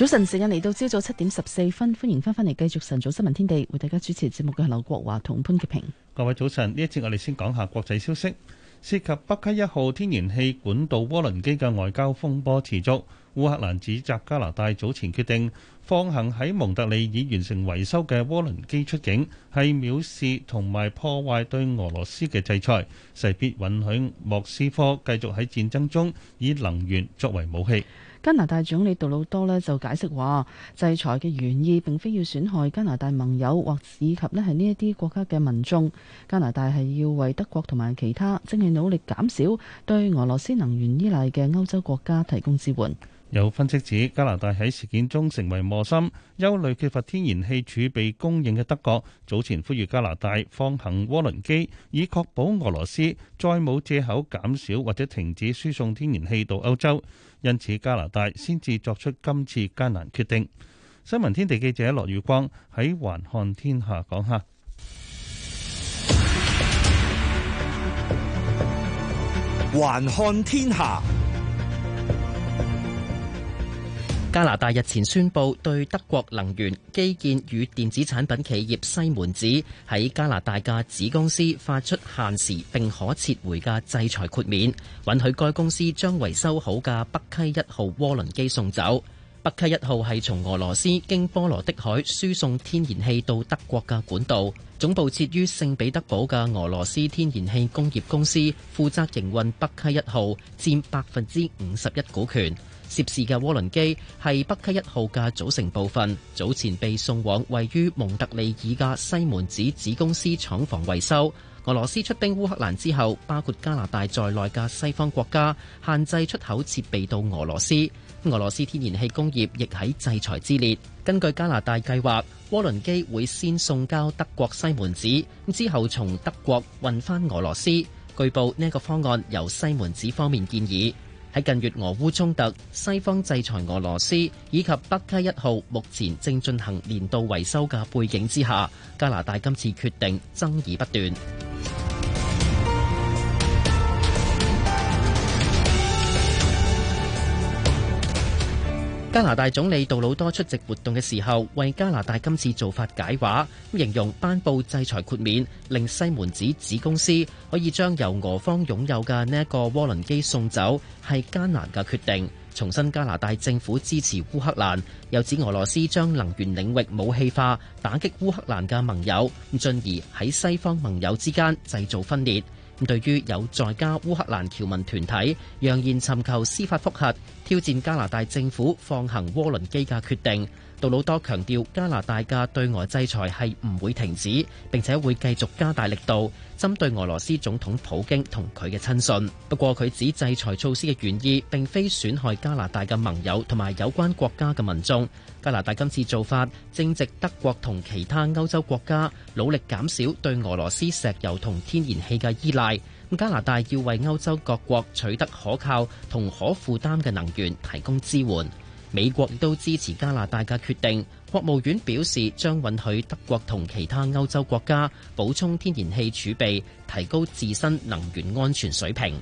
Speaker 3: 早晨時間嚟到朝早七點十四分，歡迎翻返嚟繼續晨早新聞天地，為大家主持節目嘅係劉國華同潘潔平。
Speaker 4: 各位早晨，呢一節我哋先講下國際消息，涉及北溪一號天然氣管道渦輪機嘅外交風波持續。烏克蘭指責加拿大早前決定放行喺蒙特利爾完成維修嘅渦輪機出境，係藐視同埋破壞對俄羅斯嘅制裁，勢必允許莫斯科繼續喺戰爭中以能源作為武器。
Speaker 3: 加拿大總理杜魯多呢就解釋話，制裁嘅原意並非要損害加拿大盟友或以及呢係呢一啲國家嘅民眾。加拿大係要為德國同埋其他正係努力減少對俄羅斯能源依賴嘅歐洲國家提供支援。
Speaker 4: 有分析指，加拿大喺事件中成為磨心，憂慮缺乏天然氣儲備供應嘅德國早前呼籲加拿大放行渦輪機，以確保俄羅斯再冇借口減少或者停止輸送天然氣到歐洲。因此，加拿大先至作出今次艱難決定。新聞天地記者羅宇光喺《環看天下》講下，《環看天
Speaker 13: 下》。加拿大日前宣布對德國能源基建與電子產品企業西門子喺加拿大嘅子公司發出限時並可撤回嘅制裁豁免，允許該公司將維修好嘅北溪一號渦輪機送走。北溪一號係從俄羅斯經波羅的海輸送天然氣到德國嘅管道，總部設於聖彼得堡嘅俄羅斯天然氣工業公司負責營運北溪一號，占百分之五十一股權。涉事嘅渦輪機係北溪一號嘅組成部分，早前被送往位於蒙特利爾嘅西門子子公司廠房維修。俄羅斯出兵烏克蘭之後，包括加拿大在內嘅西方國家限制出口設備到俄羅斯。俄羅斯天然氣工業亦喺制裁之列。根據加拿大計劃，渦輪機會先送交德國西門子，之後從德國運返俄羅斯。據報呢一個方案由西門子方面建議。喺近月俄烏衝突、西方制裁俄羅斯以及北溪一號目前正進行年度維修嘅背景之下，加拿大今次決定爭議不斷。加拿大總理杜魯多出席活動嘅時候，為加拿大今次做法解話，形容頒布制裁豁免，令西門子子公司可以將由俄方擁有嘅呢一個渦輪機送走，係艱難嘅決定。重申加拿大政府支持烏克蘭，又指俄羅斯將能源領域武器化，打擊烏克蘭嘅盟友，進而喺西方盟友之間製造分裂。對於有在加烏克蘭僑民團體揚言尋求司法覆核，挑戰加拿大政府放行渦輪機嘅決定，杜魯多強調加拿大嘅對外制裁係唔會停止，並且會繼續加大力度。針對俄羅斯總統普京同佢嘅親信，不過佢指制裁措施嘅原意並非損害加拿大嘅盟友同埋有關國家嘅民眾。加拿大今次做法正值德國同其他歐洲國家努力減少對俄羅斯石油同天然氣嘅依賴。加拿大要為歐洲各國取得可靠同可負擔嘅能源提供支援。美國都支持加拿大嘅決定，國務院表示將允許德國同其他歐洲國家補充天然氣儲備，提高自身能源安全水平。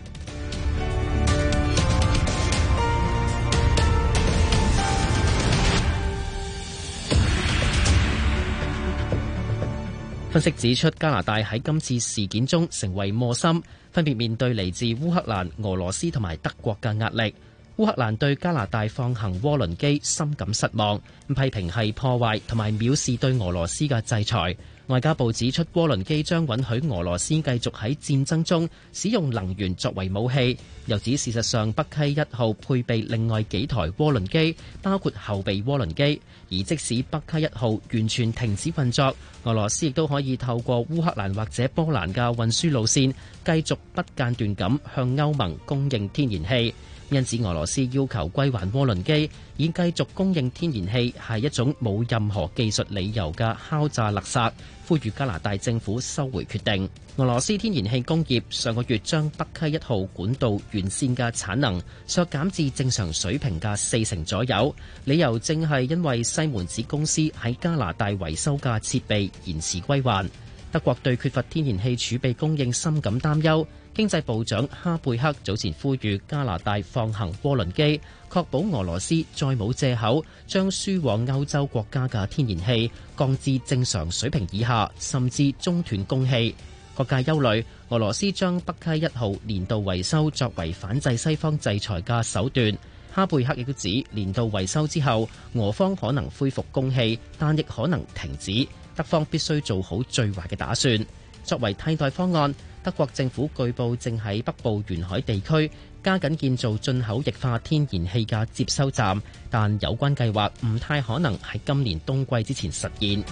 Speaker 13: 分析指出，加拿大喺今次事件中成為磨心，分別面對嚟自烏克蘭、俄羅斯同埋德國嘅壓力。烏克蘭對加拿大放行渦輪機深感失望，批評係破壞同埋藐視對俄羅斯嘅制裁。外交部指出，渦輪機將允許俄羅斯繼續喺戰爭中使用能源作為武器。又指事實上，北溪一號配備另外幾台渦輪機，包括後備渦輪機。而即使北溪一號完全停止運作，俄羅斯亦都可以透過烏克蘭或者波蘭嘅運輸路線，繼續不間斷咁向歐盟供應天然氣。因此，俄羅斯要求歸還渦輪機，以繼續供應天然氣係一種冇任何技術理由嘅敲詐勒索，呼籲加拿大政府收回決定。俄羅斯天然氣工業上個月將北溪一號管道完善嘅產能削減至正常水平嘅四成左右，理由正係因為西門子公司喺加拿大維修嘅設備延遲歸還。德國對缺乏天然氣儲備供應深感擔憂。經濟部長哈貝克早前呼籲加拿大放行渦輪機，確保俄羅斯再冇借口將輸往歐洲國家嘅天然氣降至正常水平以下，甚至中斷供氣。各界憂慮俄羅斯將北溪一號年度維修作為反制西方制裁嘅手段。哈貝克亦都指年度維修之後，俄方可能恢復供氣，但亦可能停止。德方必須做好最壞嘅打算。作為替代方案。德國政府據報正喺北部沿海地區加緊建造進口液化天然氣嘅接收站，但有關計劃唔太可能喺今年冬季之前實現。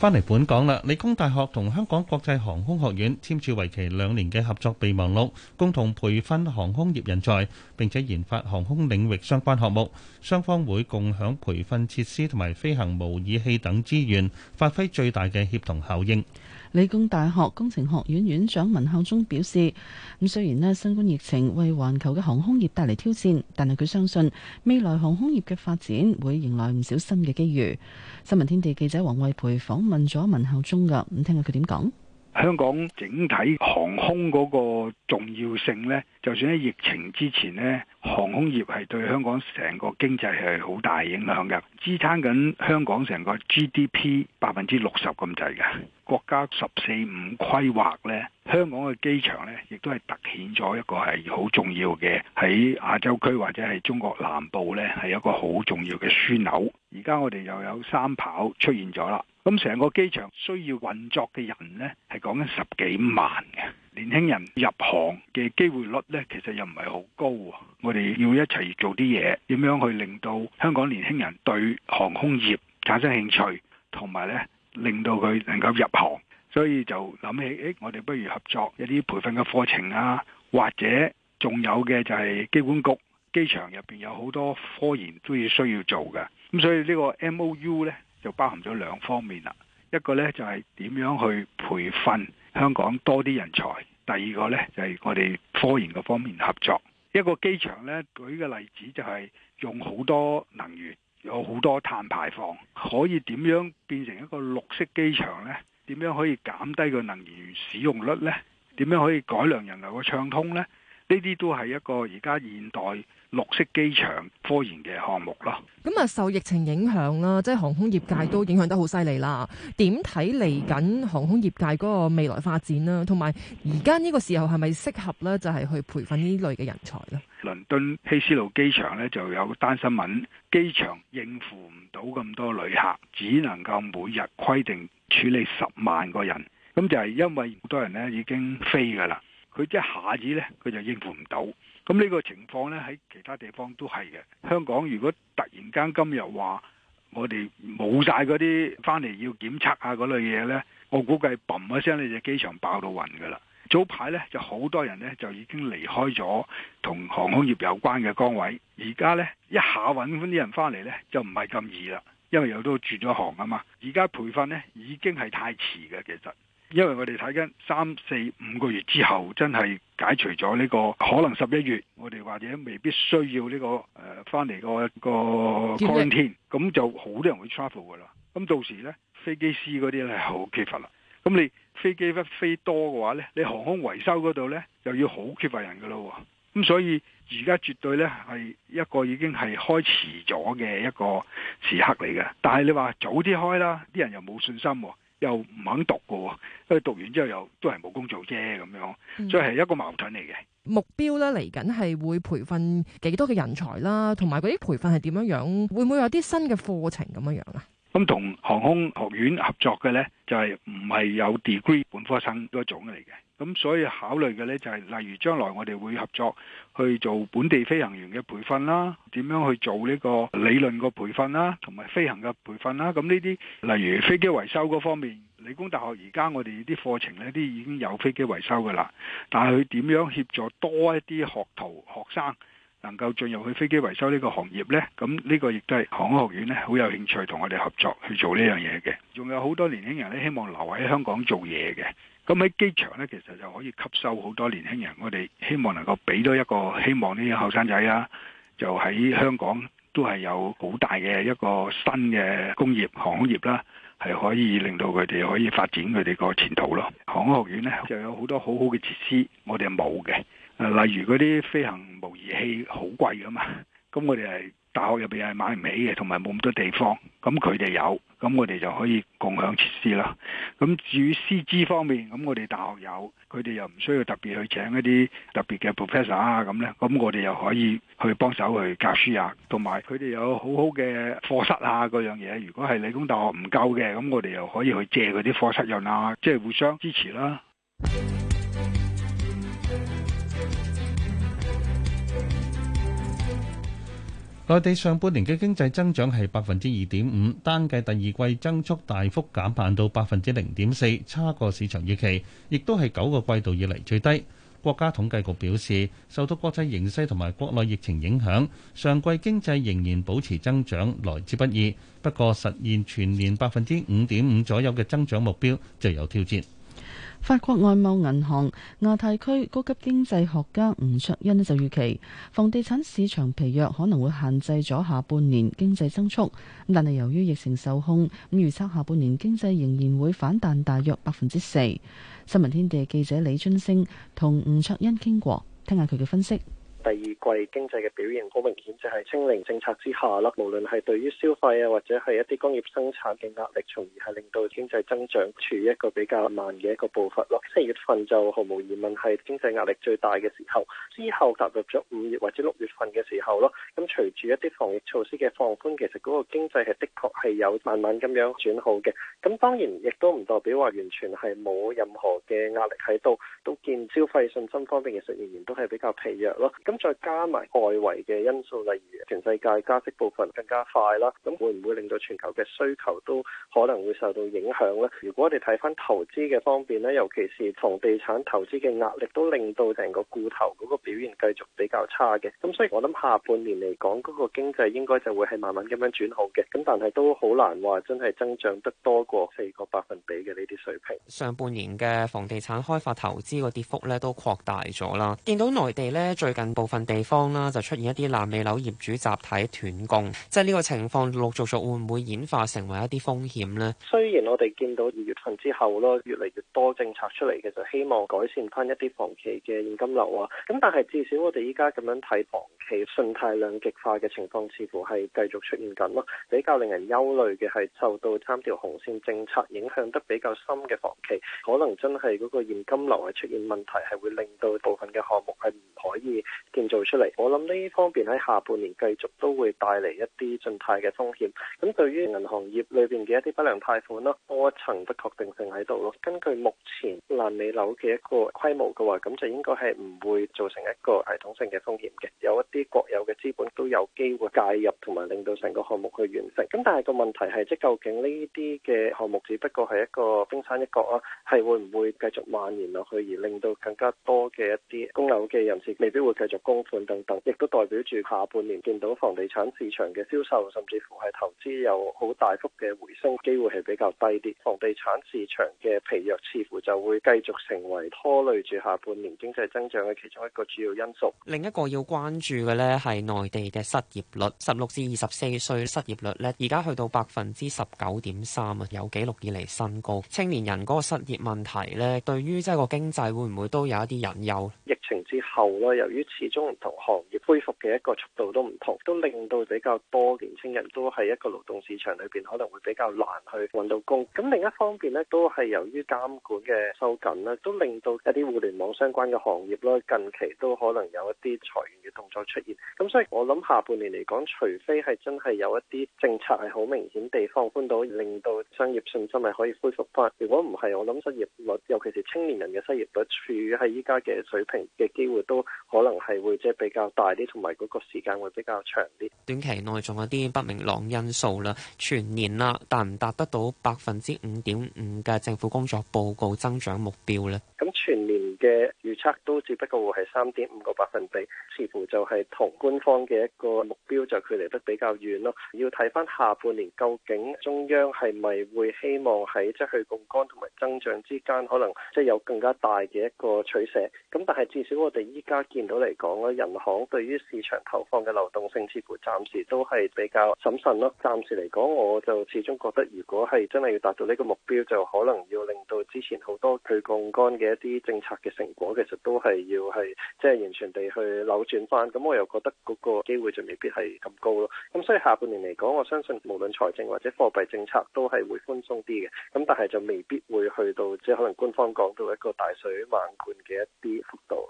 Speaker 4: 返嚟本港啦！理工大學同香港國際航空學院簽署為期兩年嘅合作備忘錄，共同培訓航空業人才，並且研發航空領域相關項目。雙方會共享培訓設施同埋飛行模擬器等資源，發揮最大嘅協同效應。
Speaker 3: 理工大學工程學院院長文孝忠表示：，咁雖然咧，新冠疫情為環球嘅航空業帶嚟挑戰，但係佢相信未來航空業嘅發展會迎來唔少新嘅機遇。新聞天地記者黃慧培訪問咗文孝忠噶，咁聽下佢點講。
Speaker 14: 香港整體航空嗰個重要性呢，就算喺疫情之前咧，航空業係對香港成個經濟係好大影響嘅，支撐緊香港成個 GDP 百分之六十咁滯嘅。國家十四五規劃呢，香港嘅機場呢，亦都係凸顯咗一個係好重要嘅喺亞洲區或者係中國南部呢，係一個好重要嘅樞紐。而家我哋又有三跑出現咗啦，咁成個機場需要運作嘅人呢，係講緊十幾萬嘅年輕人入行嘅機會率呢，其實又唔係好高。我哋要一齊做啲嘢，點樣去令到香港年輕人對航空業產生興趣，同埋呢，令到佢能夠入行，所以就諗起，誒，我哋不如合作一啲培訓嘅課程啊，或者仲有嘅就係機管局機場入邊有好多科研都要需要做嘅，咁所以呢個 M O U 呢，就包含咗兩方面啦，一個呢，就係點樣去培訓香港多啲人才，第二個呢，就係我哋科研嘅方面合作。一個機場呢，舉個例子就係用好多能源。有好多碳排放，可以點樣變成一個綠色機場咧？點樣可以減低個能源使用率咧？點樣可以改良人流嘅暢通咧？呢啲都係一個而家現代。綠色機場科研嘅項目咯，
Speaker 7: 咁啊、嗯、受疫情影響啦，即係航空業界都影響得好犀利啦。點睇嚟緊航空業界嗰個未來發展啦？同埋而家呢個時候係咪適合咧？就係去培訓呢類嘅人才咧？
Speaker 14: 倫敦希斯路機場呢就有單新聞，機場應付唔到咁多旅客，只能夠每日規定處理十萬個人。咁就係因為好多人呢已經飛噶啦，佢一下子呢，佢就應付唔到。咁呢個情況呢，喺其他地方都係嘅。香港如果突然間今日話我哋冇晒嗰啲翻嚟要檢測啊嗰類嘢呢，我估計嘭一聲呢就機場爆到暈噶啦。早排呢，就好多人呢，就已經離開咗同航空業有關嘅崗位，而家呢，一下揾翻啲人翻嚟呢，就唔係咁易啦，因為又都轉咗行啊嘛。而家培訓呢，已經係太遲嘅其實。因為我哋睇緊三四五個月之後，真係解除咗呢、這個可能十一月，我哋或者未必需要呢、這個誒翻嚟個一個 quarantine，咁就好多人會 travel 噶啦。咁到時呢，飛機師嗰啲咧好缺乏啦。咁你飛機一飛多嘅話呢，你航空維修嗰度呢又要好缺乏人噶咯。咁所以而家絕對呢係一個已經係開遲咗嘅一個時刻嚟嘅。但係你話早啲開啦，啲人又冇信心、啊。又唔肯讀嘅，因為讀完之後又都係冇工做啫咁樣，嗯、所以係一個矛盾嚟嘅。
Speaker 7: 目標咧嚟緊係會培訓幾多嘅人才啦，同埋嗰啲培訓係點樣樣？會唔會有啲新嘅課程咁樣樣啊？
Speaker 14: 咁同航空學院合作嘅咧，就係唔係有 degree 本科生嗰種嚟嘅。咁所以考慮嘅咧就係例如將來我哋會合作去做本地飛行員嘅培訓啦，點樣去做呢個理論嘅培訓啦，同埋飛行嘅培訓啦。咁呢啲，例如飛機維修嗰方面，理工大學而家我哋啲課程呢啲已經有飛機維修噶啦。但係佢點樣協助多一啲學徒學生能夠進入去飛機維修呢個行業咧？咁呢個亦都係航空學院咧，好有興趣同我哋合作去做呢樣嘢嘅。仲有好多年輕人咧，希望留喺香港做嘢嘅。咁喺機場呢，其實就可以吸收好多年輕人。我哋希望能夠俾多一個希望呢啲後生仔啊，就喺香港都係有好大嘅一個新嘅工業行業啦，係可以令到佢哋可以發展佢哋個前途咯。航空學院呢，就有好多好好嘅設施，我哋冇嘅，例如嗰啲飛行模擬器好貴㗎嘛，咁我哋係大學入邊係買唔起嘅，同埋冇咁多地方，咁佢哋有。咁我哋就可以共享設施啦。咁至於師資方面，咁我哋大學有，佢哋又唔需要特別去請一啲特別嘅 professor 啊咁咧。咁我哋又可以去幫手去教書啊，同埋佢哋有，有好好嘅課室啊嗰樣嘢。如果係理工大學唔夠嘅，咁我哋又可以去借佢啲課室用啊，即係互相支持啦。
Speaker 4: 內地上半年嘅經濟增長係百分之二點五，單計第二季增速大幅減慢到百分之零點四，差過市場預期，亦都係九個季度以嚟最低。國家統計局表示，受到國際形勢同埋國內疫情影響，上季經濟仍然保持增長，來之不易。不過，實現全年百分之五點五左右嘅增長目標就有挑戰。
Speaker 3: 法國外貿銀行亞太區高級經濟學家吳卓恩就預期，房地產市場疲弱可能會限制咗下半年經濟增速。但係由於疫情受控，咁預測下半年經濟仍然會反彈大約百分之四。新聞天地記者李春星同吳卓恩傾過，聽下佢嘅分析。
Speaker 15: 第二季經濟嘅表現好明顯就係清零政策之下啦。無論係對於消費啊，或者係一啲工業生產嘅壓力，從而係令到經濟增長處一個比較慢嘅一個步伐咯。四月份就毫無疑問係經濟壓力最大嘅時候，之後踏入咗五月或者六月份嘅時候咯。咁隨住一啲防疫措施嘅放寬，其實嗰個經濟係的確係有慢慢咁樣轉好嘅。咁當然亦都唔代表話完全係冇任何嘅壓力喺度，都見消費信心方面其實仍然都係比較疲弱咯。咁再加埋外圍嘅因素，例如全世界加息部分更加快啦，咁會唔會令到全球嘅需求都可能會受到影響咧？如果我哋睇翻投資嘅方面咧，尤其是房地產投資嘅壓力，都令到成個固投嗰個表現繼續比較差嘅。咁所以我諗下半年嚟講嗰個經濟應該就會，係慢慢咁樣轉好嘅。咁但係都好難話真係增長得多過四個百分比嘅呢
Speaker 8: 啲水平。上半年嘅房地產開發投資個跌幅咧，都擴大咗啦，見到內地咧最近。部分地方啦，就出現一啲爛尾樓業主集體斷供，即係呢個情況陸續續會唔會演化成為一啲風險咧？
Speaker 15: 雖然我哋見到二月份之後啦，越嚟越多政策出嚟嘅，就希望改善翻一啲房企嘅現金流啊。咁但係至少我哋依家咁樣睇房企信貸兩極化嘅情況似乎係繼續出現緊咯。比較令人憂慮嘅係受到三條紅線政策影響得比較深嘅房企，可能真係嗰個現金流係出現問題，係會令到部分嘅項目係唔可以。建造出嚟，我諗呢方面喺下半年繼續都會帶嚟一啲信貸嘅風險。咁對於銀行業裏邊嘅一啲不良貸款啦，多一層不確定性喺度咯。根據目前爛尾樓嘅一個規模嘅話，咁就應該係唔會造成一個系統性嘅風險嘅。有一啲國有嘅資本都有機會介入，同埋令到成個項目去完成。咁但係個問題係，即究竟呢啲嘅項目只不過係一個冰山一角啊，係會唔會繼續蔓延落去，而令到更加多嘅一啲供樓嘅人士未必會繼續。供款等等，亦都代表住下半年見到房地產市場嘅銷售，甚至乎係投資有好大幅嘅回升，機會係比較低啲。房地產市場嘅疲弱似乎就會繼續成為拖累住下半年經濟增長嘅其中一個主要因素。
Speaker 8: 另一個要關注嘅咧係內地嘅失業率，十六至二十四歲失業率咧，而家去到百分之十九點三啊，有記錄以嚟新高。青年人嗰個失業問題咧，對於即係個經濟會唔會都有一啲隱憂。
Speaker 15: 疫情之後咧，由於前。中唔同行業恢復嘅一個速度都唔同，都令到比較多年青人都喺一個勞動市場裏邊可能會比較難去揾到工。咁另一方面咧，都係由於監管嘅收緊啦，都令到一啲互聯網相關嘅行業咧，近期都可能有一啲裁員嘅動作出現。咁所以，我諗下半年嚟講，除非係真係有一啲政策係好明顯地放寬到，令到商業信心係可以恢復翻。如果唔係，我諗失業率，尤其是青年人嘅失業率處於喺依家嘅水平嘅機會，都可能係。會即係比較大啲，同埋嗰個時間會比較長啲。
Speaker 8: 短期內仲有啲不明朗因素啦，全年啦，達唔達得到百分之五點五嘅政府工作報告增長目標咧？
Speaker 15: 咁全年嘅預測都只不過會係三點五個百分比，似乎就係同官方嘅一個目標就距離得比較遠咯。要睇翻下半年究竟中央係咪會希望喺即係去槓桿同埋增長之間可能即係有更加大嘅一個取捨，咁但係至少我哋依家見到嚟講。講嘅人行對於市場投放嘅流動性，似乎暫時都係比較審慎咯。暫時嚟講，我就始終覺得，如果係真係要達到呢個目標，就可能要令到之前好多去槓桿嘅一啲政策嘅成果，其實都係要係即係完全地去扭轉翻。咁我又覺得嗰個機會就未必係咁高咯。咁所以下半年嚟講，我相信無論財政或者貨幣政策都係會寬鬆啲嘅。咁但係就未必會去到即係可能官方講到一個大水漫灌嘅一啲幅度。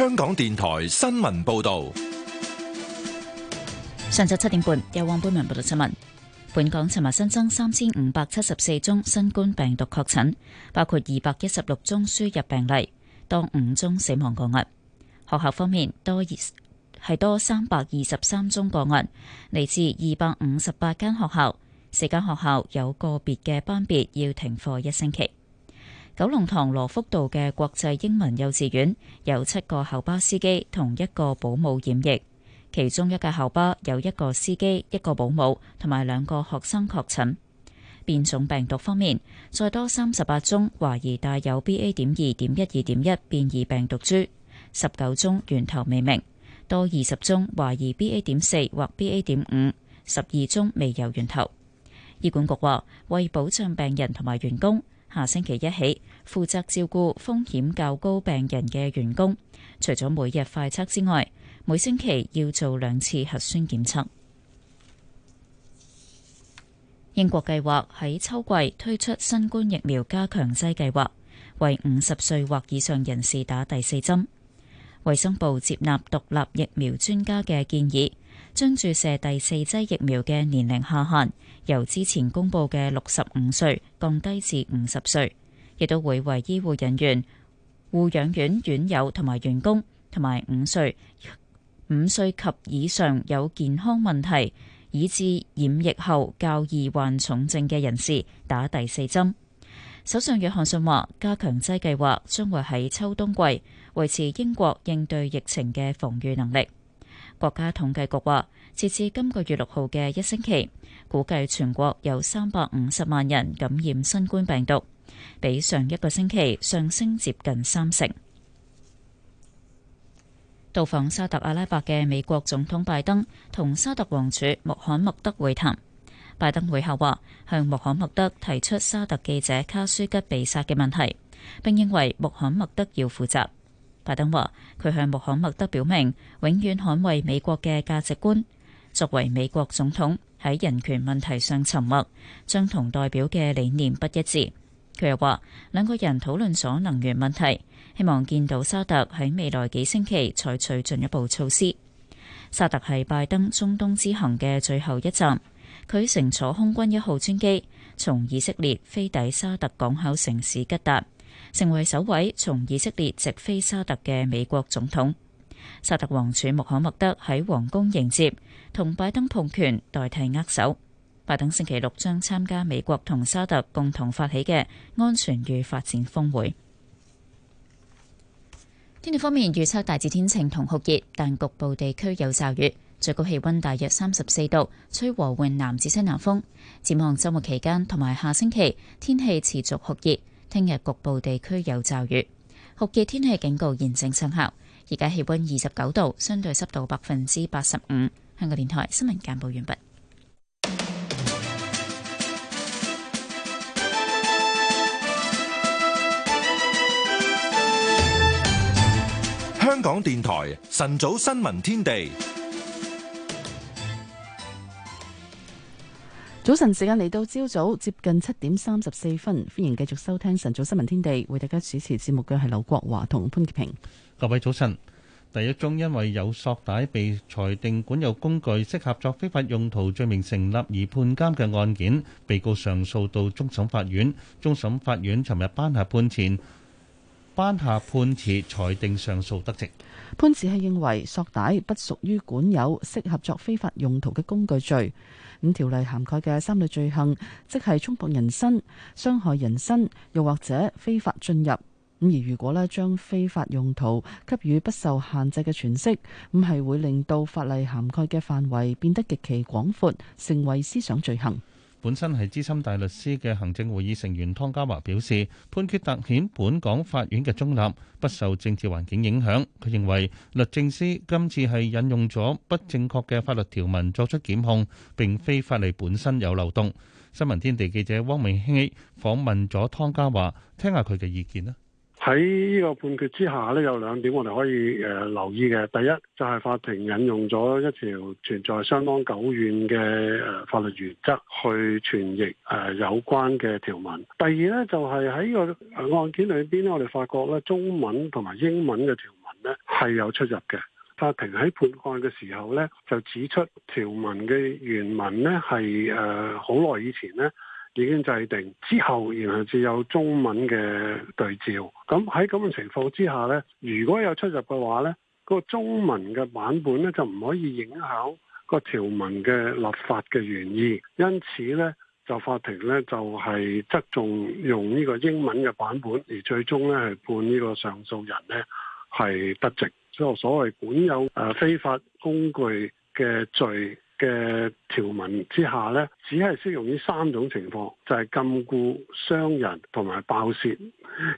Speaker 1: 香港電台新聞報道：
Speaker 11: 上晝七點半，由汪佩文報道新聞。本港尋日新增三千五百七十四宗新冠病毒確診，包括二百一十六宗輸入病例，多五宗死亡個案。學校方面，多二係多三百二十三宗個案，嚟自二百五十八間學校，四間學校有個別嘅班別要停課一星期。九龍塘羅福道嘅國際英文幼稚園有七個校巴司機同一個保姆染疫，其中一架校巴有一個司機、一個保姆同埋兩個學生確診。變種病毒方面，再多三十八宗懷疑帶有 BA. 點二點一二點一變異病毒株，十九宗源頭未明，多二十宗懷疑 BA. 點四或 BA. 點五，十二宗未有源頭。醫管局話，為保障病人同埋員工。下星期一起，負責照顧風險較高病人嘅員工，除咗每日快測之外，每星期要做兩次核酸檢測。英國計劃喺秋季推出新冠疫苗加強劑計劃，為五十歲或以上人士打第四針。衞生部接納獨立疫苗專家嘅建議。將注射第四劑疫苗嘅年齡下限由之前公布嘅六十五歲降低至五十歲，亦都會為醫護人員、護養院院友同埋員工，同埋五歲、五歲及以上有健康問題以致染疫後較易患重症嘅人士打第四針。首相約翰遜話：加強劑計劃將會喺秋冬季維持英國應對疫情嘅防禦能力。國家統計局話，截至今個月六號嘅一星期，估計全國有三百五十萬人感染新冠病毒，比上一個星期上升接近三成。到訪沙特阿拉伯嘅美國總統拜登同沙特王儲穆罕默德會談，拜登會後話向穆罕默德提出沙特記者卡舒吉被殺嘅問題，並認為穆罕默德要負責。拜登話：佢向穆罕默德表明，永遠捍衞美國嘅價值觀。作為美國總統，喺人權問題上沉默，將同代表嘅理念不一致。佢又話：兩個人討論咗能源問題，希望見到沙特喺未來幾星期採取進一步措施。沙特係拜登中東之行嘅最後一站，佢乘坐空軍一號專機從以色列飛抵沙特港口城市吉達。成為首位從以色列直飛沙特嘅美國總統。沙特王儲穆罕默德喺皇宮迎接，同拜登碰拳代替握手。拜登星期六將參加美國同沙特共同發起嘅安全與發展峰會。天氣方面預測大致天晴同酷熱，但局部地區有驟雨。最高氣溫大約三十四度，吹和緩南至西南風。展望周末期間同埋下星期天氣持續酷熱。聽日局部地區有驟雨，酷熱天氣警告現正生效。而家氣溫二十九度，相對濕度百分之八十五。香港電台新聞簡報完畢。
Speaker 1: 香港電台晨早新聞天地。
Speaker 3: 早晨時間嚟到朝早接近七點三十四分，歡迎繼續收聽晨早新聞天地。為大家主持節目嘅
Speaker 4: 係劉國華同潘潔平。各位早晨，第一宗因為有索帶被裁定管有工具適合作非法用途罪名成立而判監嘅案件，被告上訴到終審法院。終審法院尋日頒下判前頒下判詞，裁定上訴得直。
Speaker 3: 判詞係認為索帶不屬於管有適合作非法用途嘅工具罪。咁、嗯、條例涵蓋嘅三類罪行，即係衝搏人身、傷害人身，又或者非法進入。咁、嗯、而如果呢將非法用途給予不受限制嘅詮釋，咁、嗯、係會令到法例涵蓋嘅範圍變得極其廣闊，成為思想罪行。
Speaker 4: 本身係資深大律師嘅行政會議成員湯家驊表示，判決突顯本港法院嘅中立不受政治環境影響。佢認為律政司今次係引用咗不正確嘅法律條文作出檢控，並非法例本身有漏洞。新聞天地記者汪明希訪問咗湯家驊，聽下佢嘅意見啦。
Speaker 16: 喺呢個判決之下咧，有兩點我哋可以誒、呃、留意嘅。第一就係、係、法庭引用咗一條存在相當久遠嘅、呃、法律原則去傳譯誒、呃、有關嘅條文。第二咧就係喺呢個案件裏邊咧，我哋發覺咧中文同埋英文嘅條文咧係有出入嘅。法庭喺判案嘅時候咧，就指出條文嘅原文咧係誒好耐以前咧，已經制定之後，然後至有中文嘅對照。咁喺咁嘅情況之下呢，如果有出入嘅話呢，嗰、嗰個中文嘅版本呢就唔可以影響個條文嘅立法嘅原意。因此呢，就法庭呢就係、是、側重用呢個英文嘅版本，而最終呢係判呢個上訴人咧係得直。即係所謂管有誒非法工具嘅罪。嘅條文之下呢，只係適用於三種情況，就係、是、禁錮傷人同埋爆竊。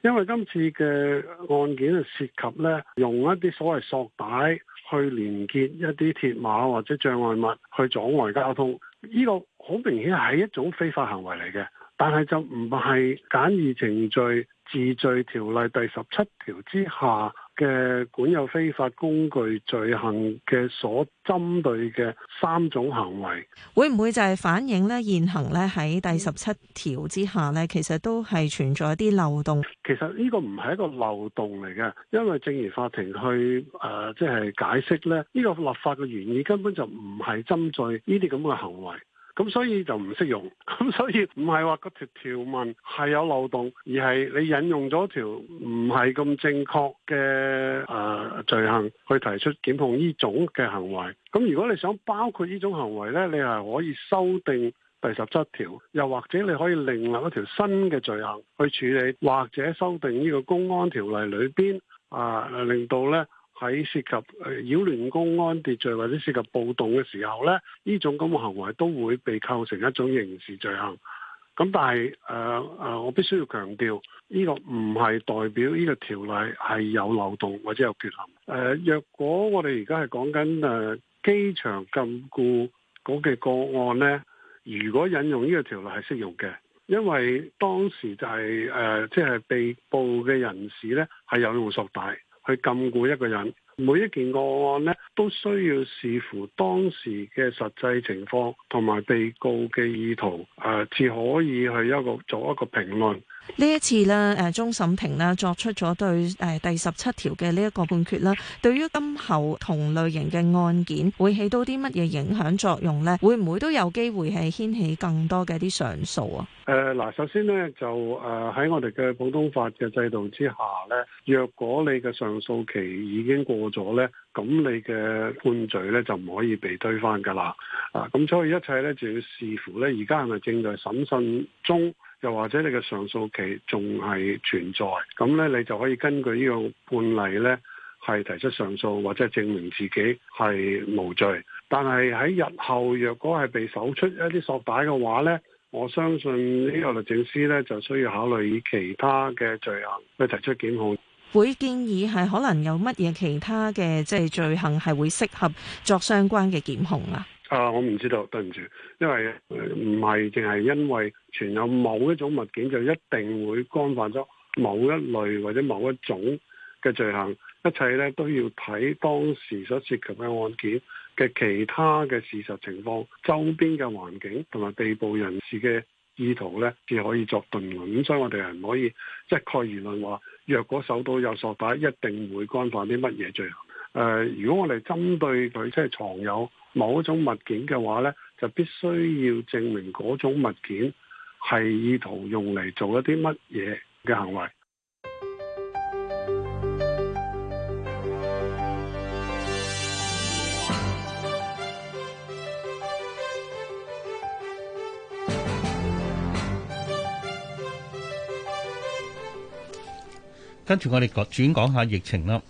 Speaker 16: 因為今次嘅案件涉及呢，用一啲所謂索帶去連結一啲鐵馬或者障礙物去阻礙交通，呢、這個好明顯係一種非法行為嚟嘅。但係就唔係簡易程序治罪條例第十七條之下。嘅管有非法工具罪行嘅所針對嘅三種行為，
Speaker 10: 會唔會就係反映咧現行咧喺第十七條之下咧，其實都係存在一啲漏洞？
Speaker 16: 其實呢個唔係一個漏洞嚟嘅，因為正如法庭去誒即係解釋咧，呢個立法嘅原意根本就唔係針對呢啲咁嘅行為。咁所以就唔適用，咁所以唔係話個條條文係有漏洞，而係你引用咗條唔係咁正確嘅誒罪行去提出檢控呢種嘅行為。咁如果你想包括呢種行為咧，你係可以修訂第十七條，又或者你可以另立一條新嘅罪行去處理，或者修訂呢個公安條例裏邊啊、呃，令到咧。喺涉及誒擾亂公安秩序或者涉及暴動嘅時候咧，呢種咁嘅行為都會被構成一種刑事罪行。咁但係誒誒，我必須要強調，呢、這個唔係代表呢個條例係有漏洞或者有缺陷，呃。若果我哋而家係講緊誒機場禁錮嗰個個案呢，如果引用呢個條例係適用嘅，因為當時就係誒即係被捕嘅人士呢係有用索帶。去禁錮一個人，每一件個案咧，都需要視乎當時嘅實際情況同埋被告嘅意圖，誒、呃，至可以去一個做一個評論。
Speaker 10: 呢一次咧，誒終審庭呢作出咗對誒第十七條嘅呢一個判決啦。對於今後同類型嘅案件，會起到啲乜嘢影響作用呢？會唔會都有機會係掀起更多嘅啲上訴啊？
Speaker 16: 誒嗱、呃，首先呢，就誒喺、呃、我哋嘅普通法嘅制度之下呢，若果你嘅上訴期已經過咗呢，咁你嘅判罪呢就唔可以被推翻嘅啦。啊、呃，咁所以一切呢，就要視乎呢。而家係咪正在審訊中？又或者你嘅上訴期仲係存在，咁咧你就可以根據呢個判例咧，係提出上訴或者證明自己係無罪。但係喺日後，若果係被搜出一啲索帶嘅話咧，我相信呢個律政司咧就需要考慮以其他嘅罪行去提出檢控。
Speaker 10: 會建議係可能有乜嘢其他嘅即係罪行係會適合作相關嘅檢控啊？
Speaker 16: 啊！我唔知道，對唔住，因為唔係淨係因為存有某一種物件就一定會干犯咗某一類或者某一種嘅罪行，一切咧都要睇當時所涉及嘅案件嘅其他嘅事實情況、周邊嘅環境同埋被捕人士嘅意圖咧，至可以作定論。咁所以我哋係唔可以一概而論話，若果手袋有索帶，一定會干犯啲乜嘢罪行。誒、呃，如果我哋針對佢即係藏有，某一種物件嘅話咧，就必須要證明嗰種物件係意圖用嚟做一啲乜嘢嘅行為。
Speaker 4: 跟住我哋講轉講下疫情啦。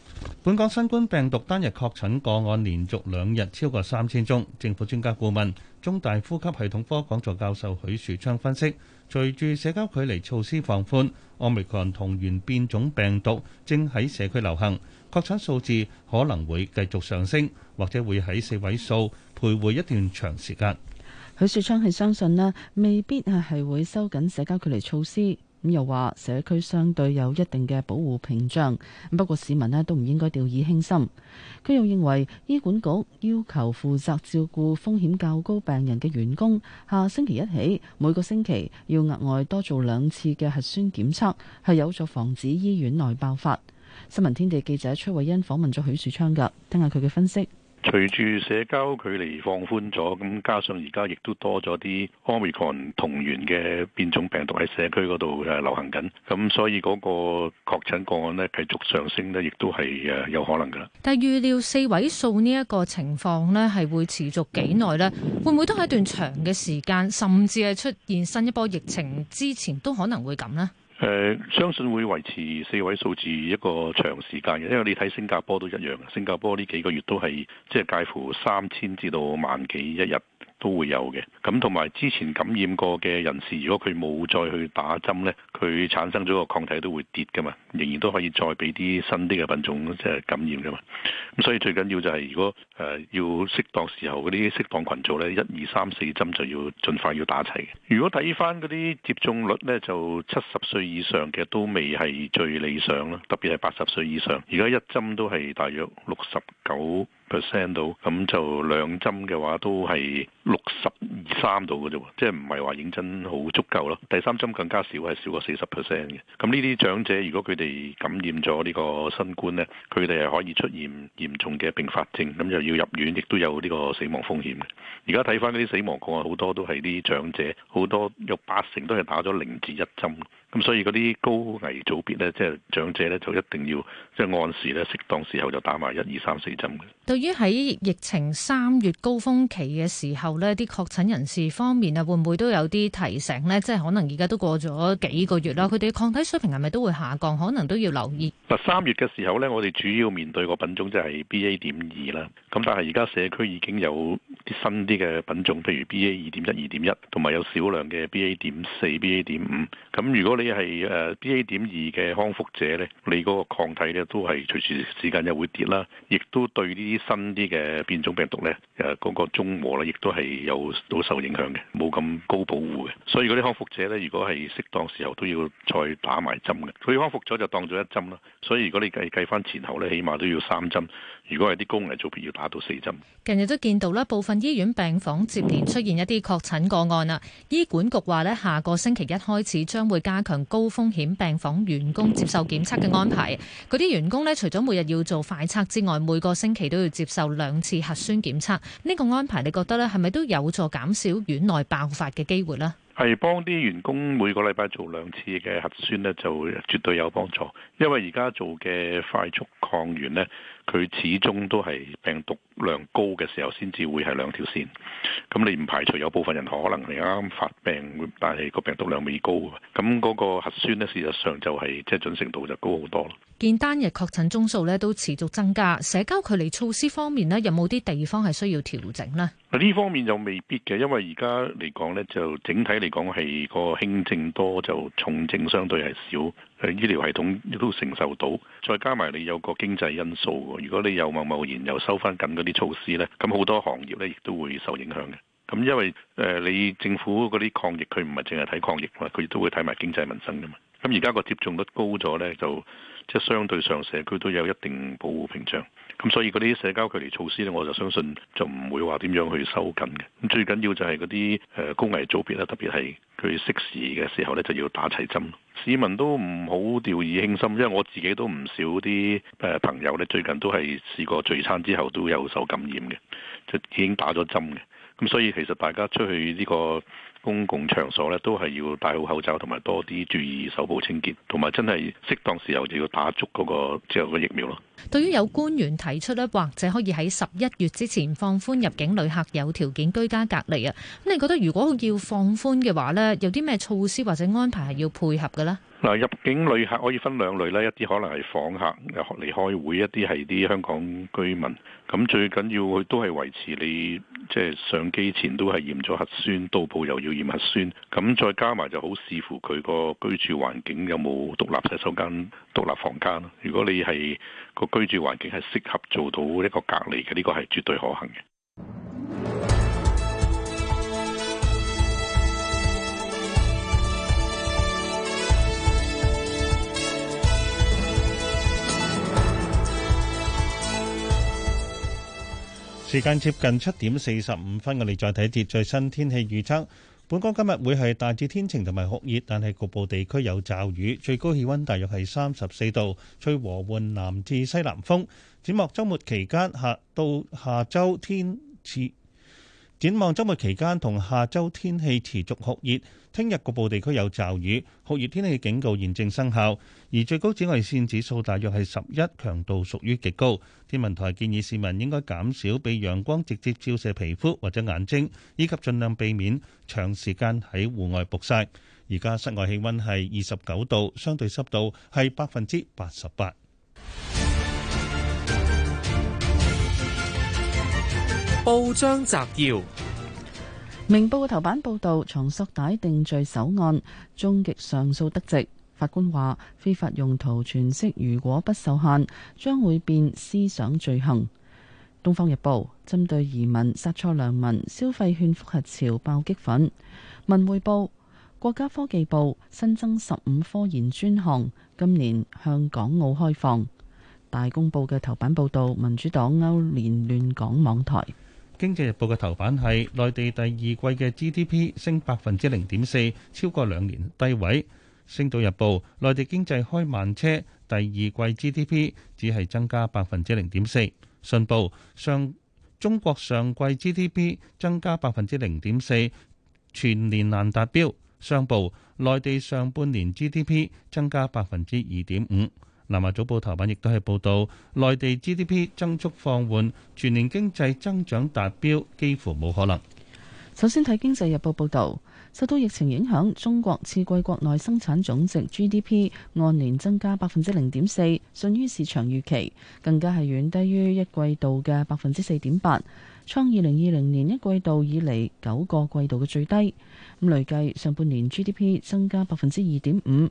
Speaker 4: 本港新冠病毒單日確診個案連續兩日超過三千宗，政府專家顧問、中大呼吸系統科講座教授許樹昌分析，隨住社交距離措施放寬，奧密克戎同源變種病毒正喺社區流行，確診數字可能會繼續上升，或者會喺四位數徘徊一段長時間。
Speaker 3: 許樹昌係相信啦，未必係係會收緊社交距離措施。咁又話社區相對有一定嘅保護屏障，不過市民呢都唔應該掉以輕心。佢又認為醫管局要求負責照顧風險較高病人嘅員工下星期一起每個星期要額外多做兩次嘅核酸檢測，係有助防止醫院內爆發。新聞天地記者崔慧欣訪問咗許樹昌㗎，聽下佢嘅分析。
Speaker 17: 隨住社交距離放寬咗，咁加上而家亦都多咗啲 omicron 同源嘅變種病毒喺社區嗰度誒流行緊，咁、嗯、所以嗰個確診個案呢，繼續上升呢，亦都係誒有可能噶啦。
Speaker 7: 但係預料四位數呢一個情況呢，係會持續幾耐呢？會唔會都係一段長嘅時間，甚至係出現新一波疫情之前，都可能會咁呢？
Speaker 17: 誒，uh, 相信會維持四位數字一個長時間嘅，因為你睇新加坡都一樣，新加坡呢幾個月都係，即係介乎三千至到萬幾一日。都會有嘅，咁同埋之前感染過嘅人士，如果佢冇再去打針咧，佢產生咗個抗體都會跌噶嘛，仍然都可以再俾啲新啲嘅品種，即係感染噶嘛。咁所以最緊要就係如果誒要適當時候嗰啲適當群組咧，一二三四針就要盡快要打齊，如果睇翻嗰啲接種率咧，就七十歲以上嘅都未係最理想啦，特別係八十歲以上。而家一針都係大約六十九 percent 度，咁就兩針嘅話都係。六十二三度嘅啫，即係唔係話認真好足夠咯。第三針更加少，係少過四十 percent 嘅。咁呢啲長者，如果佢哋感染咗呢個新冠咧，佢哋係可以出現嚴重嘅併發症，咁就要入院，亦都有呢個死亡風險嘅。而家睇翻啲死亡個案，好多都係啲長者，好多有八成都係打咗零至一針。咁所以嗰啲高危組別咧，即係長者咧，就一定要即係按時咧，適當時候就打埋一二三四針嘅。
Speaker 7: 對於喺疫情三月高峰期嘅時候，呢啲確診人士方面啊，會唔會都有啲提醒呢？即係可能而家都過咗幾個月啦，佢哋抗體水平係咪都會下降？可能都要留意。
Speaker 17: 嗱，三月嘅時候呢，我哋主要面對個品種就係 BA 點二啦。咁但係而家社區已經有啲新啲嘅品種，譬如 BA 二點一、二點一，同埋有少量嘅 BA 點四、BA 點五。咁如果你係誒 BA 點二嘅康復者呢，你嗰個抗體呢都係隨住時間又會跌啦，亦都對呢啲新啲嘅變種病毒呢，誒、那、嗰個中和呢，亦都係。係有都受影響嘅，冇咁高保護嘅，所以嗰啲康復者咧，如果係適當時候都要再打埋針嘅。佢康復咗就當咗一針啦，所以如果你計計翻前後咧，起碼都要三針。如果係啲高危組別，要打到四針。近日都
Speaker 7: 見到呢，部分醫院病房接連出現一啲確診個案啦。醫管局話咧，下個星期一開始將會加強高風險病房員工接受檢測嘅安排。嗰啲員工咧，除咗每日要做快測之外，每個星期都要接受兩次核酸檢測。呢個安排，你覺得咧係咪？都有助減少院內爆發嘅機會啦，
Speaker 17: 係幫啲員工每個禮拜做兩次嘅核酸呢，就絕對有幫助，因為而家做嘅快速抗原呢。佢始終都係病毒量高嘅時候，先至會係兩條線。咁你唔排除有部分人可能你啱啱發病，但係個病毒量未高啊。咁嗰個核酸呢，事實上就係即係準程度就高好多咯。
Speaker 7: 見單日確診宗數咧都持續增加，社交距離措施方面呢，有冇啲地方係需要調整呢？
Speaker 17: 呢方面就未必嘅，因為而家嚟講咧，就整體嚟講係個輕症多，就重症相對係少。係醫療系統亦都承受到，再加埋你有個經濟因素，如果你又貿貿然又收翻緊嗰啲措施呢，咁好多行業呢亦都會受影響嘅。咁因為誒你政府嗰啲抗疫，佢唔係淨係睇抗疫嘛，佢亦都會睇埋經濟民生㗎嘛。咁而家個接種率高咗呢，就即係相對上社區都有一定保護屏障。咁、嗯、所以嗰啲社交距離措施咧，我就相信就唔會話點樣去收緊嘅。咁最緊要就係嗰啲誒高危組別啦，特別係佢適時嘅時候咧，就要打齊針，市民都唔好掉以輕心，因為我自己都唔少啲誒朋友咧，最近都係試過聚餐之後都有受感染嘅，就已經打咗針嘅。咁、嗯、所以其實大家出去呢、這個。公共場所咧都係要戴好口罩，同埋多啲注意手部清潔，同埋真係適當時候就要打足嗰、嗰個之後嘅疫苗咯。
Speaker 7: 對於有官員提出咧，或者可以喺十一月之前放寬入境旅客有條件居家隔離啊，咁你覺得如果要放寬嘅話咧，有啲咩措施或者安排係要配合嘅呢？
Speaker 17: 嗱，入境旅客可以分兩類啦，一啲可能係訪客嚟開會，一啲係啲香港居民。咁最緊要都係維持你即係、就是、上機前都係驗咗核酸，到埗又要驗核酸。咁再加埋就好視乎佢個居住環境有冇獨立洗手間獨立房間咯。如果你係、個居住環境係適合做到一個隔離嘅，呢、個係絕對可行嘅。
Speaker 4: 時間接近七點四十五分，我哋再睇一節最新天氣預測。本港今日會係大致天晴同埋酷熱，但係局部地區有驟雨。最高氣溫大約係三十四度，吹和緩南至西南風。展望周末期間，下到下周天似，展望周末期間同下周天氣持續酷熱，聽日局部地區有驟雨，酷熱天氣警告現正生效。而最高紫外線指數大約係十一，強度屬於極高。天文台建議市民應該減少被陽光直接照射皮膚或者眼睛，以及盡量避免長時間喺戶外曝曬，而家室外氣溫係二十九度，相對濕度係百分之八十八。
Speaker 11: 報
Speaker 6: 章摘要：
Speaker 3: 《明報》嘅頭版報道，藏索帶定罪首案終極上訴得直，法官話非法用途詮釋如果不受限，將會變思想罪行。《東方日報》針對移民殺錯良民，消費券覆核潮爆激粉。《文匯報》國家科技部新增十五科研專項，今年向港澳開放。《大公報》嘅頭版報道，民主黨勾連亂港網台。
Speaker 4: 《經濟日報》嘅頭版係內地第二季嘅 GDP 升百分之零點四，超過兩年低位，升到日報。內地經濟開慢車，第二季 GDP 只係增加百分之零點四。信報上中國上季 GDP 增加百分之零點四，全年難達標。商報內地上半年 GDP 增加百分之二點五。南華早報頭版亦都係報道，內地 GDP 增速放緩，全年經濟增長達標幾乎冇可能。
Speaker 3: 首先睇經濟日報報導，受到疫情影響，中國次季國內生產總值 GDP 按年增加百分之零點四，遜於市場預期，更加係遠低於一季度嘅百分之四點八，創二零二零年一季度以嚟九個季度嘅最低。咁累計上半年 GDP 增加百分之二點五。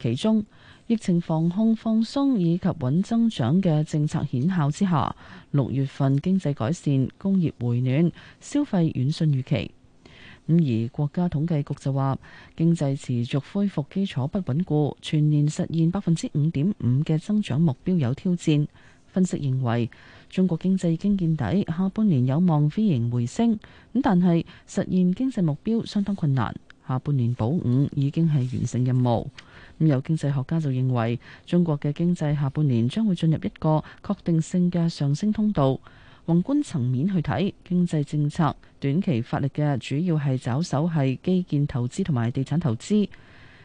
Speaker 3: 其中疫情防控放鬆以及穩增長嘅政策顯效之下，六月份經濟改善，工業回暖，消費遠遜預期。咁而國家統計局就話，經濟持續恢復基礎不穩固，全年實現百分之五點五嘅增長目標有挑戰。分析認為，中國經濟已經見底，下半年有望 V 型回升。咁但係實現經濟目標相當困難，下半年保五已經係完成任務。咁有經濟學家就認為，中國嘅經濟下半年將會進入一個確定性嘅上升通道。宏觀層面去睇，經濟政策短期發力嘅主要係抓手係基建投資同埋地產投資；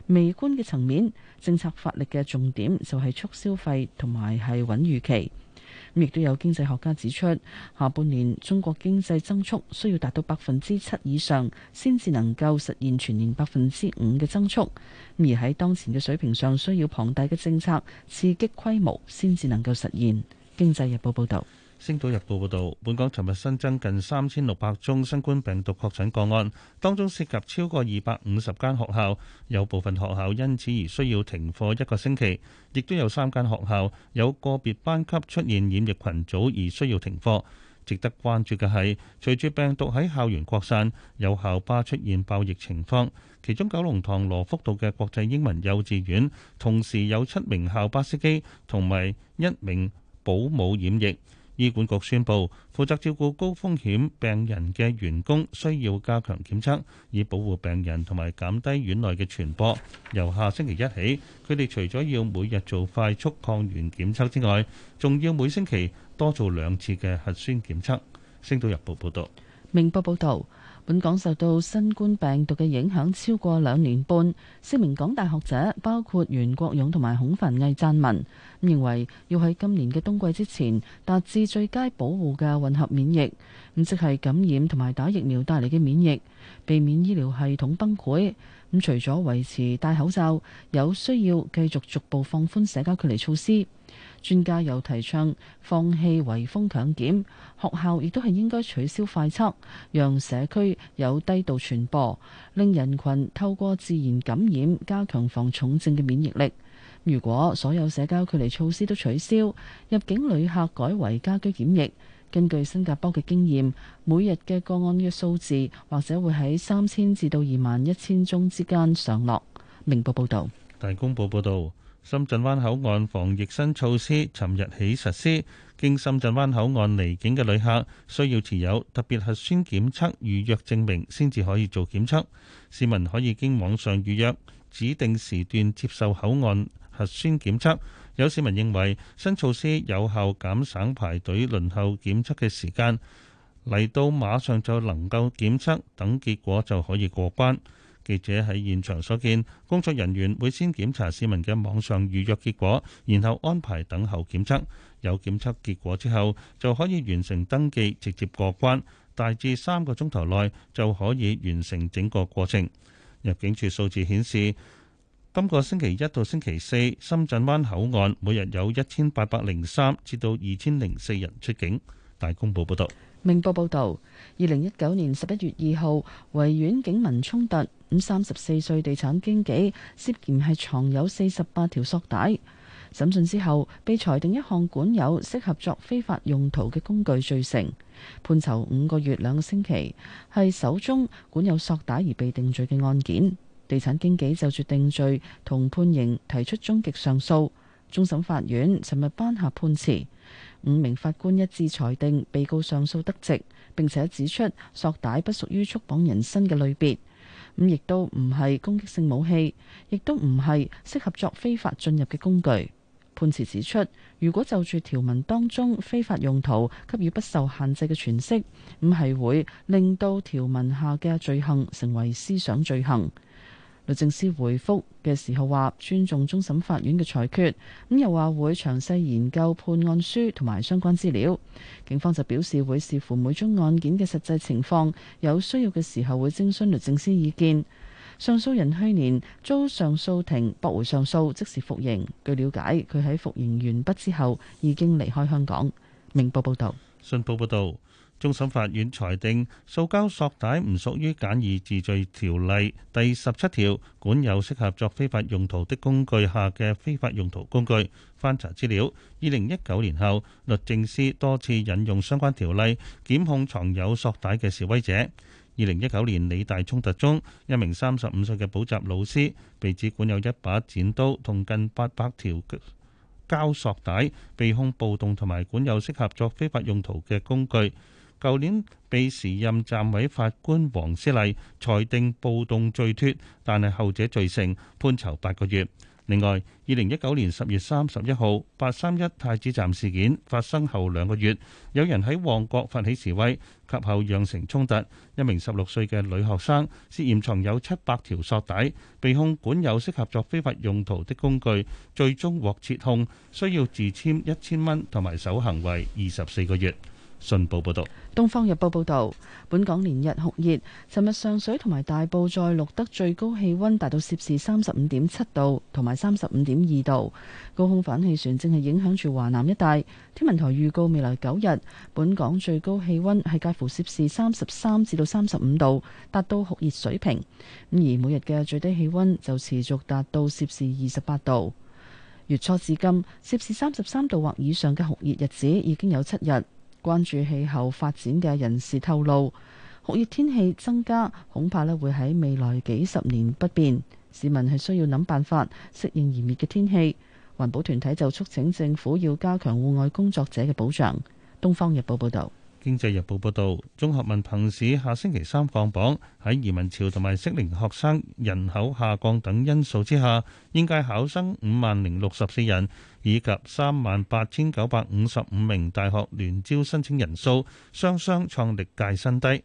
Speaker 3: 微觀嘅層面，政策發力嘅重點就係促消費同埋係穩預期。亦都有經濟學家指出，下半年中國經濟增速需要達到百分之七以上，先至能夠實現全年百分之五嘅增速。而喺當前嘅水平上，需要龐大嘅政策刺激規模，先至能夠實現。經濟日報報導。
Speaker 4: 星島日報報道，本港尋日新增近三千六百宗新冠病毒確診個案，當中涉及超過二百五十間學校，有部分學校因此而需要停課一個星期，亦都有三間學校有個別班級出現染疫群組而需要停課。值得關注嘅係，隨住病毒喺校園擴散，有校巴出現爆疫情況，其中九龍塘羅福道嘅國際英文幼稚園同時有七名校巴司機同埋一名保姆染疫。醫管局宣佈，負責照顧高風險病人嘅員工需要加強檢測，以保護病人同埋減低院內嘅傳播。由下星期一起，佢哋除咗要每日做快速抗原檢測之外，仲要每星期多做兩次嘅核酸檢測。星島日報報道，
Speaker 3: 明報報道。本港受到新冠病毒嘅影響超過兩年半，四名港大學者包括袁國勇同埋孔繁毅贊文，認為要喺今年嘅冬季之前達至最佳保護嘅混合免疫，咁即係感染同埋打疫苗帶嚟嘅免疫，避免醫療系統崩潰，咁除咗維持戴口罩，有需要繼續逐步放寬社交距離措施。專家又提倡放棄圍封強檢，學校亦都係應該取消快測，讓社區有低度傳播，令人群透過自然感染加強防重症嘅免疫力。如果所有社交距離措施都取消，入境旅客改為家居檢疫，根據新加坡嘅經驗，每日嘅個案嘅數字或者會喺三千至到二萬一千宗之間上落。明報報道。
Speaker 4: 大公報報道。深圳灣口岸防疫新措施尋日起實施，經深圳灣口岸離境嘅旅客需要持有特別核酸檢測預約證明先至可以做檢測，市民可以經網上預約指定時段接受口岸核酸檢測，有市民認為新措施有效減省排隊輪候檢測嘅時間，嚟到馬上就能夠檢測，等結果就可以過關。記者喺現場所見，工作人員會先檢查市民嘅網上預約結果，然後安排等候檢測。有檢測結果之後，就可以完成登記，直接過關。大致三個鐘頭內就可以完成整個過程。入境處數字顯示，今個星期一到星期四，深圳灣口岸每日有一千八百零三至到二千零四人出境。大公報報道。
Speaker 3: 明報報道，二零一九年十一月二號，維園警民衝突。五三十四歲地產經紀涉嫌係藏有四十八條索帶，審訊之後被裁定一項管有適合作非法用途嘅工具罪成，判囚五個月兩個星期，係首宗管有索帶而被定罪嘅案件。地產經紀就住定罪同判刑提出終極上訴，終審法院尋日頒下判詞，五名法官一致裁定被告上訴得直，並且指出索帶不屬於束綁人身嘅類別。咁亦都唔係攻擊性武器，亦都唔係適合作非法進入嘅工具。判詞指出，如果就住條文當中非法用途給予不受限制嘅詮釋，咁係會令到條文下嘅罪行成為思想罪行。律政司回覆嘅時候話尊重終審法院嘅裁決，咁又話會詳細研究判案書同埋相關資料。警方就表示會視乎每宗案件嘅實際情況，有需要嘅時候會徵詢律政司意見。上訴人去年遭上訴庭駁回上訴，即時服刑。據了解，佢喺服刑完畢之後已經離開香港。明報報道，
Speaker 4: 信報報道。終審法院裁定，塑膠索帶唔屬於《簡易治罪條例》第十七條管有適合作非法用途的工具下嘅非法用途工具。翻查資料，二零一九年後，律政司多次引用相關條例，檢控藏有索帶嘅示威者。二零一九年理大衝突中，一名三十五歲嘅補習老師被指管有一把剪刀同近八百條膠索帶，被控暴動同埋管有適合作非法用途嘅工具。舊年被時任暫委法官黃思麗裁定暴動罪脫，但係後者罪成，判囚八個月。另外，二零一九年十月三十一號，八三一太子站事件發生後兩個月，有人喺旺角發起示威，及後釀成衝突。一名十六歲嘅女學生涉嫌藏有七百條索帶，被控管有適合作非法用途的工具，最終獲撤控，需要自簽一千蚊同埋守行為二十四個月。信報報導，
Speaker 3: 《東方日報》報道：本港連日酷熱。尋日上水同埋大埔再錄得最高氣温，達到攝氏三十五點七度同埋三十五點二度。高空反氣旋正係影響住華南一帶。天文台預告，未來九日本港最高氣温係介乎攝氏三十三至到三十五度，達到酷熱水平。咁而每日嘅最低氣温就持續達到攝氏二十八度。月初至今，攝氏三十三度或以上嘅酷熱日子已經有七日。關注氣候發展嘅人士透露，酷熱天氣增加恐怕呢會喺未來幾十年不變。市民係需要諗辦法適應炎熱嘅天氣。環保團體就促請政府要加強戶外工作者嘅保障。東方日報報道。
Speaker 4: 經濟日報報導，中學文憑試下星期三放榜，喺移民潮同埋適齡學生人口下降等因素之下，應屆考生五萬零六十四人，以及三萬八千九百五十五名大學聯招申請人數，雙雙創歷屆新低。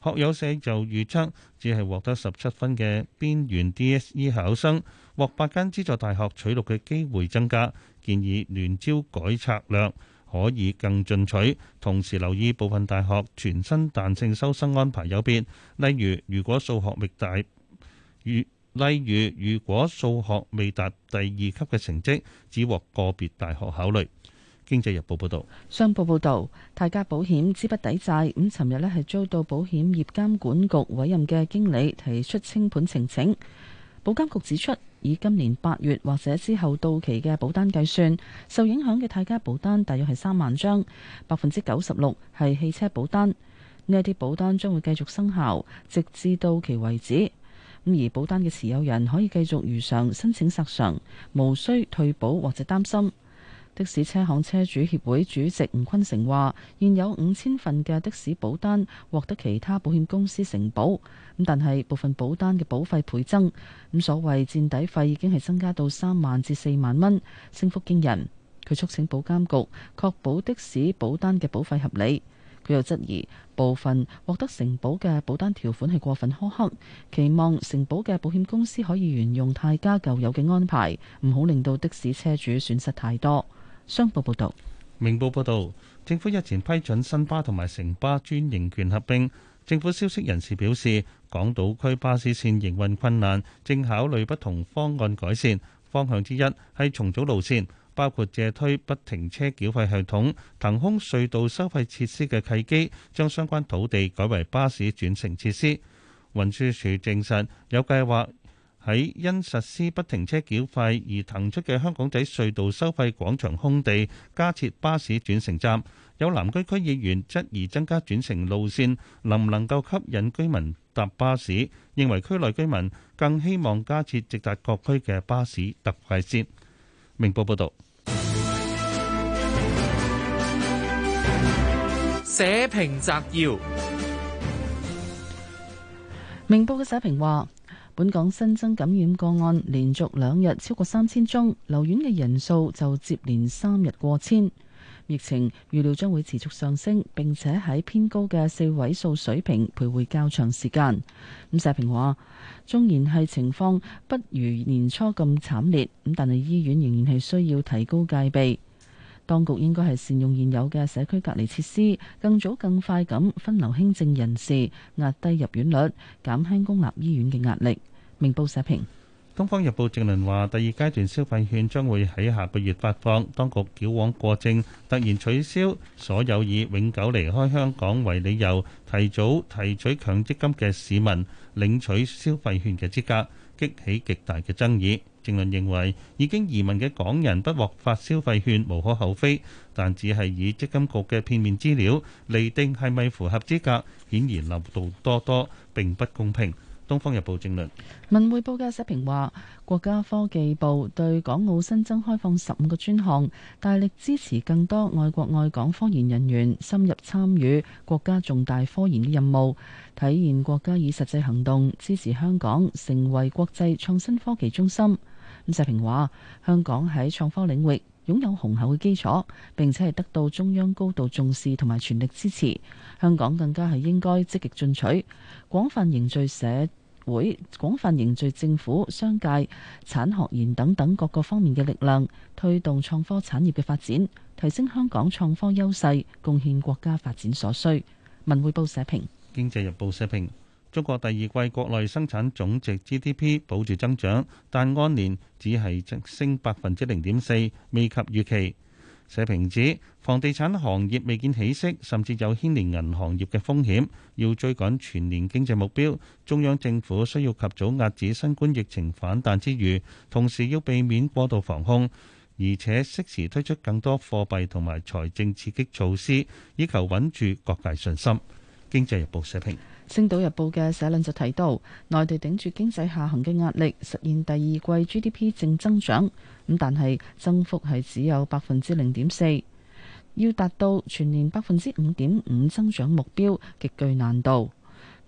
Speaker 4: 學友社就預測，只係獲得十七分嘅邊緣 DSE 考生，獲八間資助大學取錄嘅機會增加，建議聯招改策略。可以更進取，同時留意部分大學全新彈性收生安排有變。例如，如果數學未達，例如如果數學未達第二級嘅成績，只獲個別大學考慮。經濟日報報道：
Speaker 3: 「商報報道，泰加保險資不抵債，咁尋日呢係遭到保險業監管局委任嘅經理提出清盤呈請。保監局指出，以今年八月或者之後到期嘅保單計算，受影響嘅泰加保單大約係三萬張，百分之九十六係汽車保單。呢一啲保單將會繼續生效，直至到期為止。咁而保單嘅持有人可以繼續如常申請索償，無需退保或者擔心。 的士車行車主協會主席吳坤成話：現有五千份嘅的，的士保單獲得其他保險公司承保。但係部分保單嘅保費倍增，咁所謂墊底費已經係增加到三萬至四萬蚊，升幅驚人。佢促請保監局確保的士保單嘅保費合理。佢又質疑部分獲得承保嘅保單條款係過分苛刻，期望承保嘅保險公司可以沿用泰家舊有嘅安排，唔好令到的士車主損失太多。商報
Speaker 4: 報道，明報報道，政府日前批准新巴同埋城巴專營權合併。政府消息人士表示，港島區巴士線營運困難，正考慮不同方案改善。方向之一係重組路線，包括借推不停車繳費系統、騰空隧道收費設施嘅契機，將相關土地改為巴士轉乘設施。運輸署證實有計劃喺因實施不停車繳費而騰出嘅香港仔隧道收費廣場空地加設巴士轉乘站。有南區區議員質疑增加轉乘路線能唔能夠吸引居民搭巴士，認為區內居民更希望加設直達各區嘅巴士特快線。明報報道。社評摘要。
Speaker 3: 明報嘅社評話：本港新增感染個案連續兩日超過三千宗，留院嘅人數就接連三日過千。疫情預料將會持續上升，並且喺偏高嘅四位數水平徘徊較長時間。咁社評話，縱然係情況不如年初咁慘烈，咁但係醫院仍然係需要提高戒備。當局應該係善用現有嘅社區隔離設施，更早更快咁分流輕症人士，壓低入院率，減輕公立醫院嘅壓力。明報社評。
Speaker 4: 《東方日報》正論話：第二階段消費券將會喺下個月發放，當局矯枉過正，突然取消所有以永久離開香港為理由提早提取強積金嘅市民領取消費券嘅資格，激起極大嘅爭議。正論認為，已經移民嘅港人不獲發消費券無可厚非，但只係以積金局嘅片面資料嚟定係咪符合資格，顯然漏洞多多，並不公平。《東方日報》政論
Speaker 3: 文匯報嘅社評話：國家科技部對港澳新增開放十五個專項，大力支持更多愛國愛港科研人員深入參與國家重大科研嘅任務，體現國家以實際行動支持香港成為國際創新科技中心。咁社評話：香港喺創科領域擁有雄厚嘅基礎，並且係得到中央高度重視同埋全力支持，香港更加係應該積極進取，廣泛凝聚社會廣泛凝聚政府、商界、產學研等等各個方面嘅力量，推動創科產業嘅發展，提升香港創科優勢，貢獻國家發展所需。文匯報社評、
Speaker 4: 經濟日報社評：中國第二季國內生產總值 GDP 保住增長，但按年只係升百分之零點四，未及預期。社評指，房地產行業未見起色，甚至有牽連銀行業嘅風險。要追趕全年經濟目標，中央政府需要及早遏止新冠疫情反彈之餘，同時要避免過度防控，而且適時推出更多貨幣同埋財政刺激措施，以求穩住各界信心。經濟日報社評。
Speaker 3: 《星島日報》嘅社論就提到，內地頂住經濟下行嘅壓力，實現第二季 GDP 正增長，咁但係增幅係只有百分之零點四，要達到全年百分之五點五增長目標，極具難度。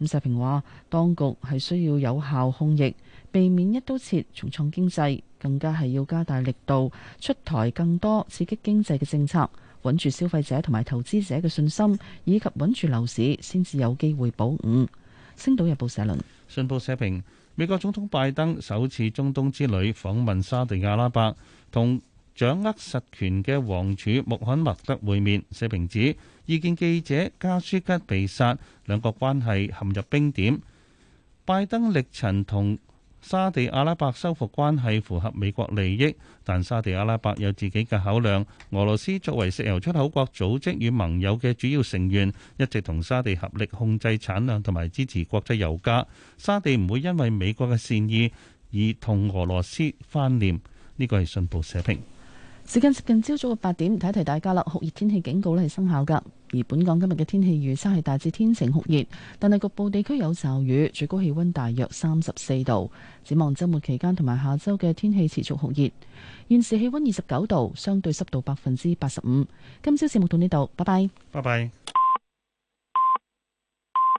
Speaker 3: 咁社評話，當局係需要有效控疫，避免一刀切重創經濟，更加係要加大力度出台更多刺激經濟嘅政策。穩住消費者同埋投資者嘅信心，以及穩住樓市，先至有機會保五。星
Speaker 4: 島日報社論。信報社評，美國總統拜登首次中東之旅訪問沙特阿拉伯，同掌握實權嘅王儲穆罕默德會面。社評指異見記者加舒吉被殺，兩國關係陷入冰點。拜登力陳同。沙地阿拉伯修復關係符合美國利益，但沙地阿拉伯有自己嘅考量。俄羅斯作為石油出口國組織與盟友嘅主要成員，一直同沙地合力控制產量同埋支持國際油價。沙地唔會因為美國嘅善意而同俄羅斯翻臉。呢個係信報社評。
Speaker 3: 時間接近朝早嘅八點，提提大家啦，酷熱天氣警告咧係生效噶。而本港今日嘅天氣預測係大致天晴酷熱，但係局部地區有驟雨，最高氣溫大約三十四度。展望周末期間同埋下周嘅天氣持續酷熱。現時氣溫二十九度，相對濕度百分之八
Speaker 11: 十五。今朝節目到呢度，拜拜。
Speaker 4: 拜拜。